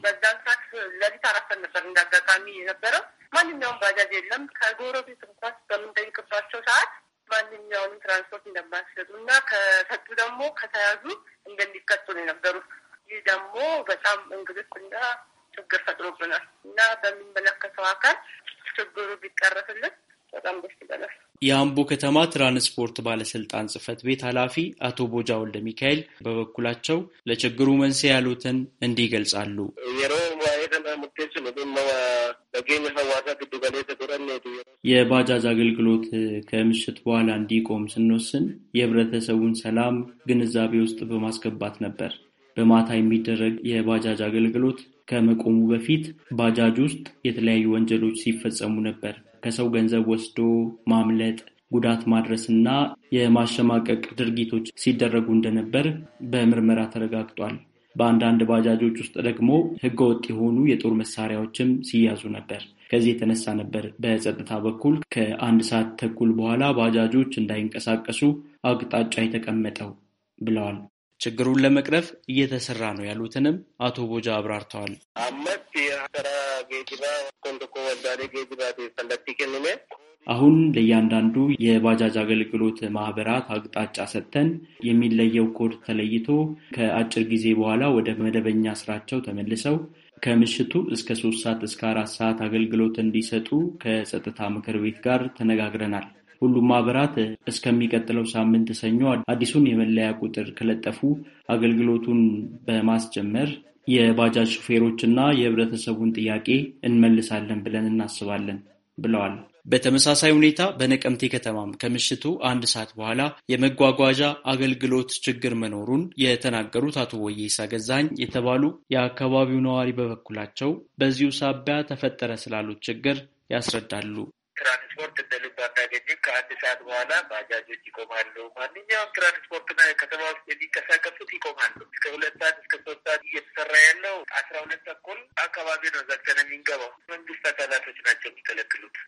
በዛን ሰዓት ለሊት አራት ነበር ነበር እንዳጋጣሚ የነበረው። ማንኛውም ባጃጅ የለም። ከጎረቤት እንኳን በምንጠይቅባቸው ሰዓት ማንኛውንም ትራንስፖርት እንደማይሰጡ እና ከሰጡ ደግሞ ከተያዙ እንደሚቀጡ ነው የነበሩት። ይህ ደግሞ በጣም እንግልት እና ችግር ፈጥሮብናል እና በሚመለከተው አካል ችግሩ ቢቀረፍልን በጣም ደስ ይለናል። የአምቦ ከተማ ትራንስፖርት ባለስልጣን ጽህፈት ቤት ኃላፊ አቶ ቦጃ ወልደ ሚካኤል በበኩላቸው ለችግሩ መንስኤ ያሉትን እንዲህ ይገልጻሉ። የባጃጅ አገልግሎት ከምሽት በኋላ እንዲቆም ስንወስን የህብረተሰቡን ሰላም ግንዛቤ ውስጥ በማስገባት ነበር። በማታ የሚደረግ የባጃጅ አገልግሎት ከመቆሙ በፊት ባጃጅ ውስጥ የተለያዩ ወንጀሎች ሲፈጸሙ ነበር። ከሰው ገንዘብ ወስዶ ማምለጥ፣ ጉዳት ማድረስና የማሸማቀቅ ድርጊቶች ሲደረጉ እንደነበር በምርመራ ተረጋግጧል። በአንዳንድ ባጃጆች ውስጥ ደግሞ ህገወጥ የሆኑ የጦር መሳሪያዎችም ሲያዙ ነበር። ከዚህ የተነሳ ነበር በጸጥታ በኩል ከአንድ ሰዓት ተኩል በኋላ ባጃጆች እንዳይንቀሳቀሱ አቅጣጫ የተቀመጠው ብለዋል ችግሩን ለመቅረፍ እየተሰራ ነው ያሉትንም አቶ ቦጃ አብራርተዋል። አሁን ለእያንዳንዱ የባጃጅ አገልግሎት ማህበራት አቅጣጫ ሰጥተን የሚለየው ኮድ ተለይቶ ከአጭር ጊዜ በኋላ ወደ መደበኛ ስራቸው ተመልሰው ከምሽቱ እስከ ሶስት ሰዓት እስከ አራት ሰዓት አገልግሎት እንዲሰጡ ከጸጥታ ምክር ቤት ጋር ተነጋግረናል። ሁሉም ማህበራት እስከሚቀጥለው ሳምንት ሰኞ አዲሱን የመለያ ቁጥር ከለጠፉ አገልግሎቱን በማስጀመር የባጃጅ ሹፌሮችና የህብረተሰቡን ጥያቄ እንመልሳለን ብለን እናስባለን ብለዋል። በተመሳሳይ ሁኔታ በነቀምቴ ከተማም ከምሽቱ አንድ ሰዓት በኋላ የመጓጓዣ አገልግሎት ችግር መኖሩን የተናገሩት አቶ ወይሳ ገዛኝ የተባሉ የአካባቢው ነዋሪ በበኩላቸው በዚሁ ሳቢያ ተፈጠረ ስላሉት ችግር ያስረዳሉ። ትራንስፖርት እንደ ልብ አናገኝም። ከአንድ ሰዓት በኋላ ባጃጆች ይቆማሉ። ማንኛውም ትራንስፖርትና ከተማ ውስጥ የሚንቀሳቀሱት ይቆማሉ። እስከ ሁለት ሰዓት እስከ ሶስት ሰዓት እየተሰራ ያለው አስራ ሁለት ተኩል አካባቢ ነው ዘግተን የሚንገባው። መንግስት አካላቶች ናቸው የሚከለክሉት።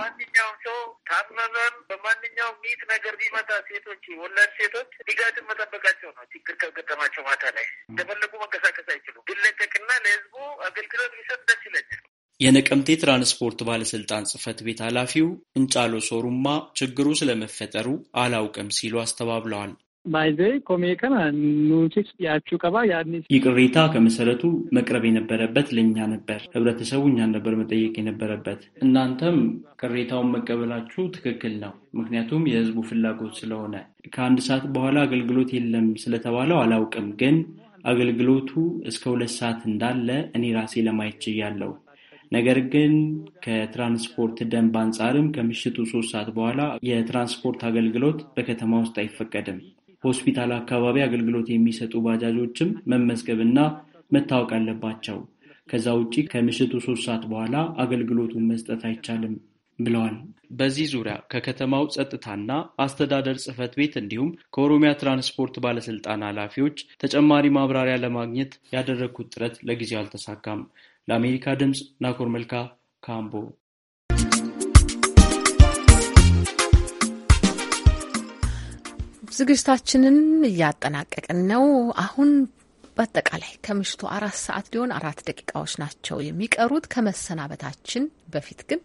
ማንኛውም ሰው ታመመም በማንኛውም ሚት ነገር ቢመጣ ሴቶች፣ ወላድ ሴቶች ድጋትን መጠበቃቸው ነው። ችግር ከገጠማቸው ማታ ላይ እንደፈለጉ መንቀሳቀስ አይችሉም። ቢለቀቅና ለህዝቡ አገልግሎት ሊሰጥ ደስ ይለኛል። የነቀምቴ ትራንስፖርት ባለስልጣን ጽህፈት ቤት ኃላፊው እንጫሎ ሶሩማ ችግሩ ስለመፈጠሩ አላውቅም ሲሉ አስተባብለዋል። ይህ ቅሬታ ከመሰረቱ መቅረብ የነበረበት ለእኛ ነበር። ህብረተሰቡ እኛን ነበር መጠየቅ የነበረበት። እናንተም ቅሬታውን መቀበላችሁ ትክክል ነው፣ ምክንያቱም የህዝቡ ፍላጎት ስለሆነ። ከአንድ ሰዓት በኋላ አገልግሎት የለም ስለተባለው አላውቅም፣ ግን አገልግሎቱ እስከ ሁለት ሰዓት እንዳለ እኔ ራሴ ለማየት ችያለሁ። ነገር ግን ከትራንስፖርት ደንብ አንጻርም ከምሽቱ ሶስት ሰዓት በኋላ የትራንስፖርት አገልግሎት በከተማ ውስጥ አይፈቀድም። ሆስፒታል አካባቢ አገልግሎት የሚሰጡ ባጃጆችም መመዝገብና መታወቅ አለባቸው። ከዛ ውጭ ከምሽቱ ሶስት ሰዓት በኋላ አገልግሎቱን መስጠት አይቻልም ብለዋል። በዚህ ዙሪያ ከከተማው ጸጥታና አስተዳደር ጽህፈት ቤት እንዲሁም ከኦሮሚያ ትራንስፖርት ባለስልጣን ኃላፊዎች ተጨማሪ ማብራሪያ ለማግኘት ያደረግኩት ጥረት ለጊዜው አልተሳካም። ለአሜሪካ ድምፅ ናኮር መልካ ካምቦ። ዝግጅታችንን እያጠናቀቅን ነው። አሁን በአጠቃላይ ከምሽቱ አራት ሰዓት ሊሆን አራት ደቂቃዎች ናቸው የሚቀሩት። ከመሰናበታችን በፊት ግን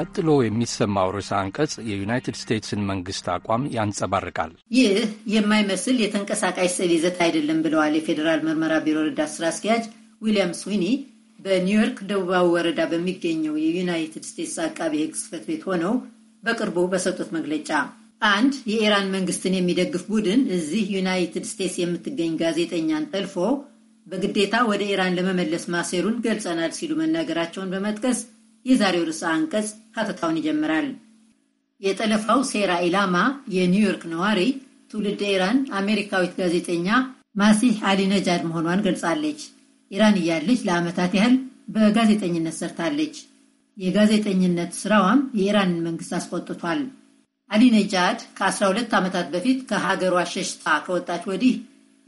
ቀጥሎ የሚሰማው ርዕሰ አንቀጽ የዩናይትድ ስቴትስን መንግስት አቋም ያንጸባርቃል። ይህ የማይመስል የተንቀሳቃሽ ስዕል ይዘት አይደለም ብለዋል የፌዴራል ምርመራ ቢሮ ረዳት ስራ አስኪያጅ ዊሊያም ስዊኒ በኒውዮርክ ደቡባዊ ወረዳ በሚገኘው የዩናይትድ ስቴትስ አቃቢ ሕግ ጽፈት ቤት ሆነው በቅርቡ በሰጡት መግለጫ አንድ የኢራን መንግስትን የሚደግፍ ቡድን እዚህ ዩናይትድ ስቴትስ የምትገኝ ጋዜጠኛን ጠልፎ በግዴታ ወደ ኢራን ለመመለስ ማሴሩን ገልጸናል ሲሉ መናገራቸውን በመጥቀስ የዛሬው ርዕሰ አንቀጽ ሀተታውን ይጀምራል። የጠለፋው ሴራ ኢላማ የኒውዮርክ ነዋሪ ትውልድ ኢራን አሜሪካዊት ጋዜጠኛ ማሲህ አሊ ነጃድ መሆኗን ገልጻለች። ኢራን እያለች ለዓመታት ያህል በጋዜጠኝነት ሰርታለች። የጋዜጠኝነት ስራዋም የኢራንን መንግስት አስቆጥቷል። አሊ ነጃድ ከ12 ዓመታት በፊት ከሀገሯ ሸሽታ ከወጣች ወዲህ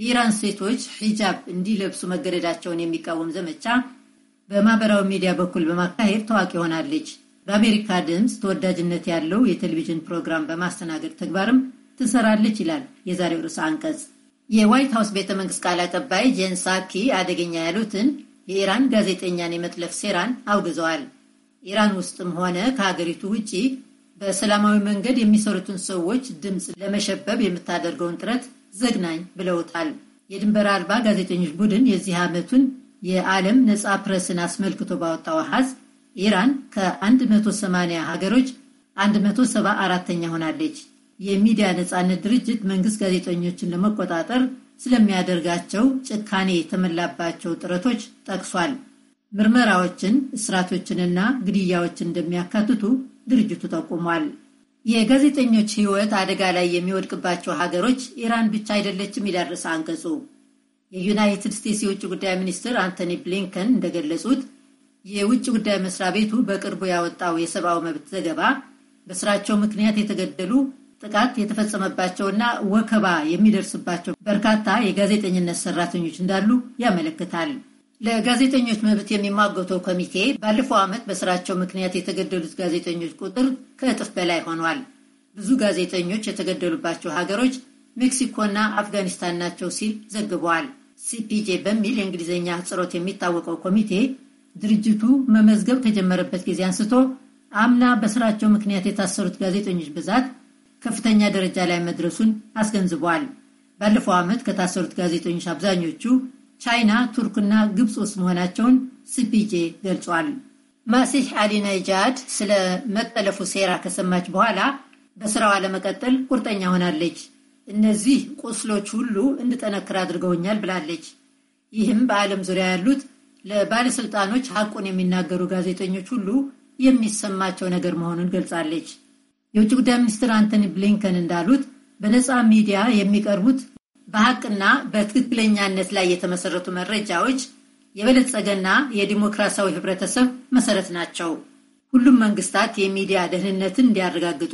የኢራን ሴቶች ሒጃብ እንዲለብሱ መገደዳቸውን የሚቃወም ዘመቻ በማህበራዊ ሚዲያ በኩል በማካሄድ ታዋቂ ሆናለች። በአሜሪካ ድምፅ ተወዳጅነት ያለው የቴሌቪዥን ፕሮግራም በማስተናገድ ተግባርም ትሰራለች ይላል የዛሬው ርዕሰ አንቀጽ። የዋይት ሀውስ ቤተ መንግስት ቃል አቀባይ ጄን ሳኪ አደገኛ ያሉትን የኢራን ጋዜጠኛን የመጥለፍ ሴራን አውግዘዋል። ኢራን ውስጥም ሆነ ከሀገሪቱ ውጪ በሰላማዊ መንገድ የሚሰሩትን ሰዎች ድምፅ ለመሸበብ የምታደርገውን ጥረት ዘግናኝ ብለውታል። የድንበር አልባ ጋዜጠኞች ቡድን የዚህ ዓመቱን የዓለም ነፃ ፕረስን አስመልክቶ ባወጣው አሐዝ ኢራን ከ180 ሀገሮች 174ኛ ሆናለች። የሚዲያ ነፃነት ድርጅት መንግስት ጋዜጠኞችን ለመቆጣጠር ስለሚያደርጋቸው ጭካኔ የተሞላባቸው ጥረቶች ጠቅሷል። ምርመራዎችን፣ እስራቶችንና ግድያዎችን እንደሚያካትቱ ድርጅቱ ጠቁሟል። የጋዜጠኞች ሕይወት አደጋ ላይ የሚወድቅባቸው ሀገሮች ኢራን ብቻ አይደለችም ይላል ርዕሰ አንቀጹ። የዩናይትድ ስቴትስ የውጭ ጉዳይ ሚኒስትር አንቶኒ ብሊንከን እንደገለጹት የውጭ ጉዳይ መስሪያ ቤቱ በቅርቡ ያወጣው የሰብአዊ መብት ዘገባ በስራቸው ምክንያት የተገደሉ ጥቃት የተፈጸመባቸውና ወከባ የሚደርስባቸው በርካታ የጋዜጠኝነት ሰራተኞች እንዳሉ ያመለክታል። ለጋዜጠኞች መብት የሚሟገተው ኮሚቴ ባለፈው ዓመት በስራቸው ምክንያት የተገደሉት ጋዜጠኞች ቁጥር ከእጥፍ በላይ ሆኗል። ብዙ ጋዜጠኞች የተገደሉባቸው ሀገሮች ሜክሲኮና አፍጋኒስታን ናቸው ሲል ዘግቧል። ሲፒጄ በሚል የእንግሊዝኛ አህጽሮት የሚታወቀው ኮሚቴ ድርጅቱ መመዝገብ ከጀመረበት ጊዜ አንስቶ አምና በስራቸው ምክንያት የታሰሩት ጋዜጠኞች ብዛት ከፍተኛ ደረጃ ላይ መድረሱን አስገንዝቧል። ባለፈው ዓመት ከታሰሩት ጋዜጠኞች አብዛኞቹ ቻይና፣ ቱርክና ግብፅ ውስጥ መሆናቸውን ሲፒጄ ገልጿል። ማሲህ አሊ ናይጃድ ስለ መጠለፉ ሴራ ከሰማች በኋላ በስራዋ ለመቀጠል ቁርጠኛ ሆናለች። እነዚህ ቁስሎች ሁሉ እንድጠነክር አድርገውኛል ብላለች። ይህም በዓለም ዙሪያ ያሉት ለባለሥልጣኖች ሐቁን የሚናገሩ ጋዜጠኞች ሁሉ የሚሰማቸው ነገር መሆኑን ገልጻለች። የውጭ ጉዳይ ሚኒስትር አንቶኒ ብሊንከን እንዳሉት በነፃ ሚዲያ የሚቀርቡት በሐቅና በትክክለኛነት ላይ የተመሰረቱ መረጃዎች የበለጸገና የዲሞክራሲያዊ ህብረተሰብ መሰረት ናቸው። ሁሉም መንግስታት የሚዲያ ደህንነትን እንዲያረጋግጡ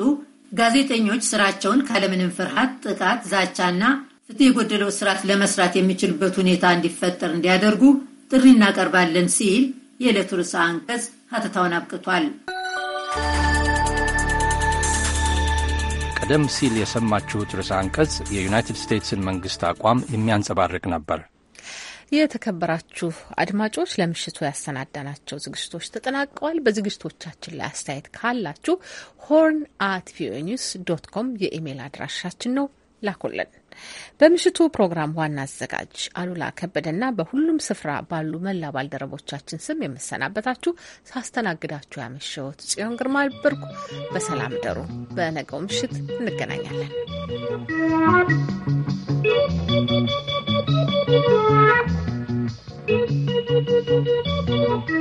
ጋዜጠኞች ስራቸውን ካለምንም ፍርሃት፣ ጥቃት፣ ዛቻና ፍትህ የጎደለው ስርዓት ለመስራት የሚችሉበት ሁኔታ እንዲፈጠር እንዲያደርጉ ጥሪ እናቀርባለን ሲል የዕለቱ ርዕሰ አንቀጽ ሀተታውን አብቅቷል። ቀደም ሲል የሰማችሁት ርዕሰ አንቀጽ የዩናይትድ ስቴትስን መንግስት አቋም የሚያንጸባርቅ ነበር። የተከበራችሁ አድማጮች ለምሽቱ ያሰናዳናቸው ዝግጅቶች ተጠናቀዋል። በዝግጅቶቻችን ላይ አስተያየት ካላችሁ ሆርን አት ቪኦኤ ኒውስ ዶት ኮም የኢሜይል አድራሻችን ነው፣ ላኩልን። በምሽቱ ፕሮግራም ዋና አዘጋጅ አሉላ ከበደና በሁሉም ስፍራ ባሉ መላ ባልደረቦቻችን ስም የምሰናበታችሁ ሳስተናግዳችሁ ያመሸሁት ጽዮን ግርማ ነበርኩ። በሰላም ደሩ። በነገው ምሽት እንገናኛለን። Thank you.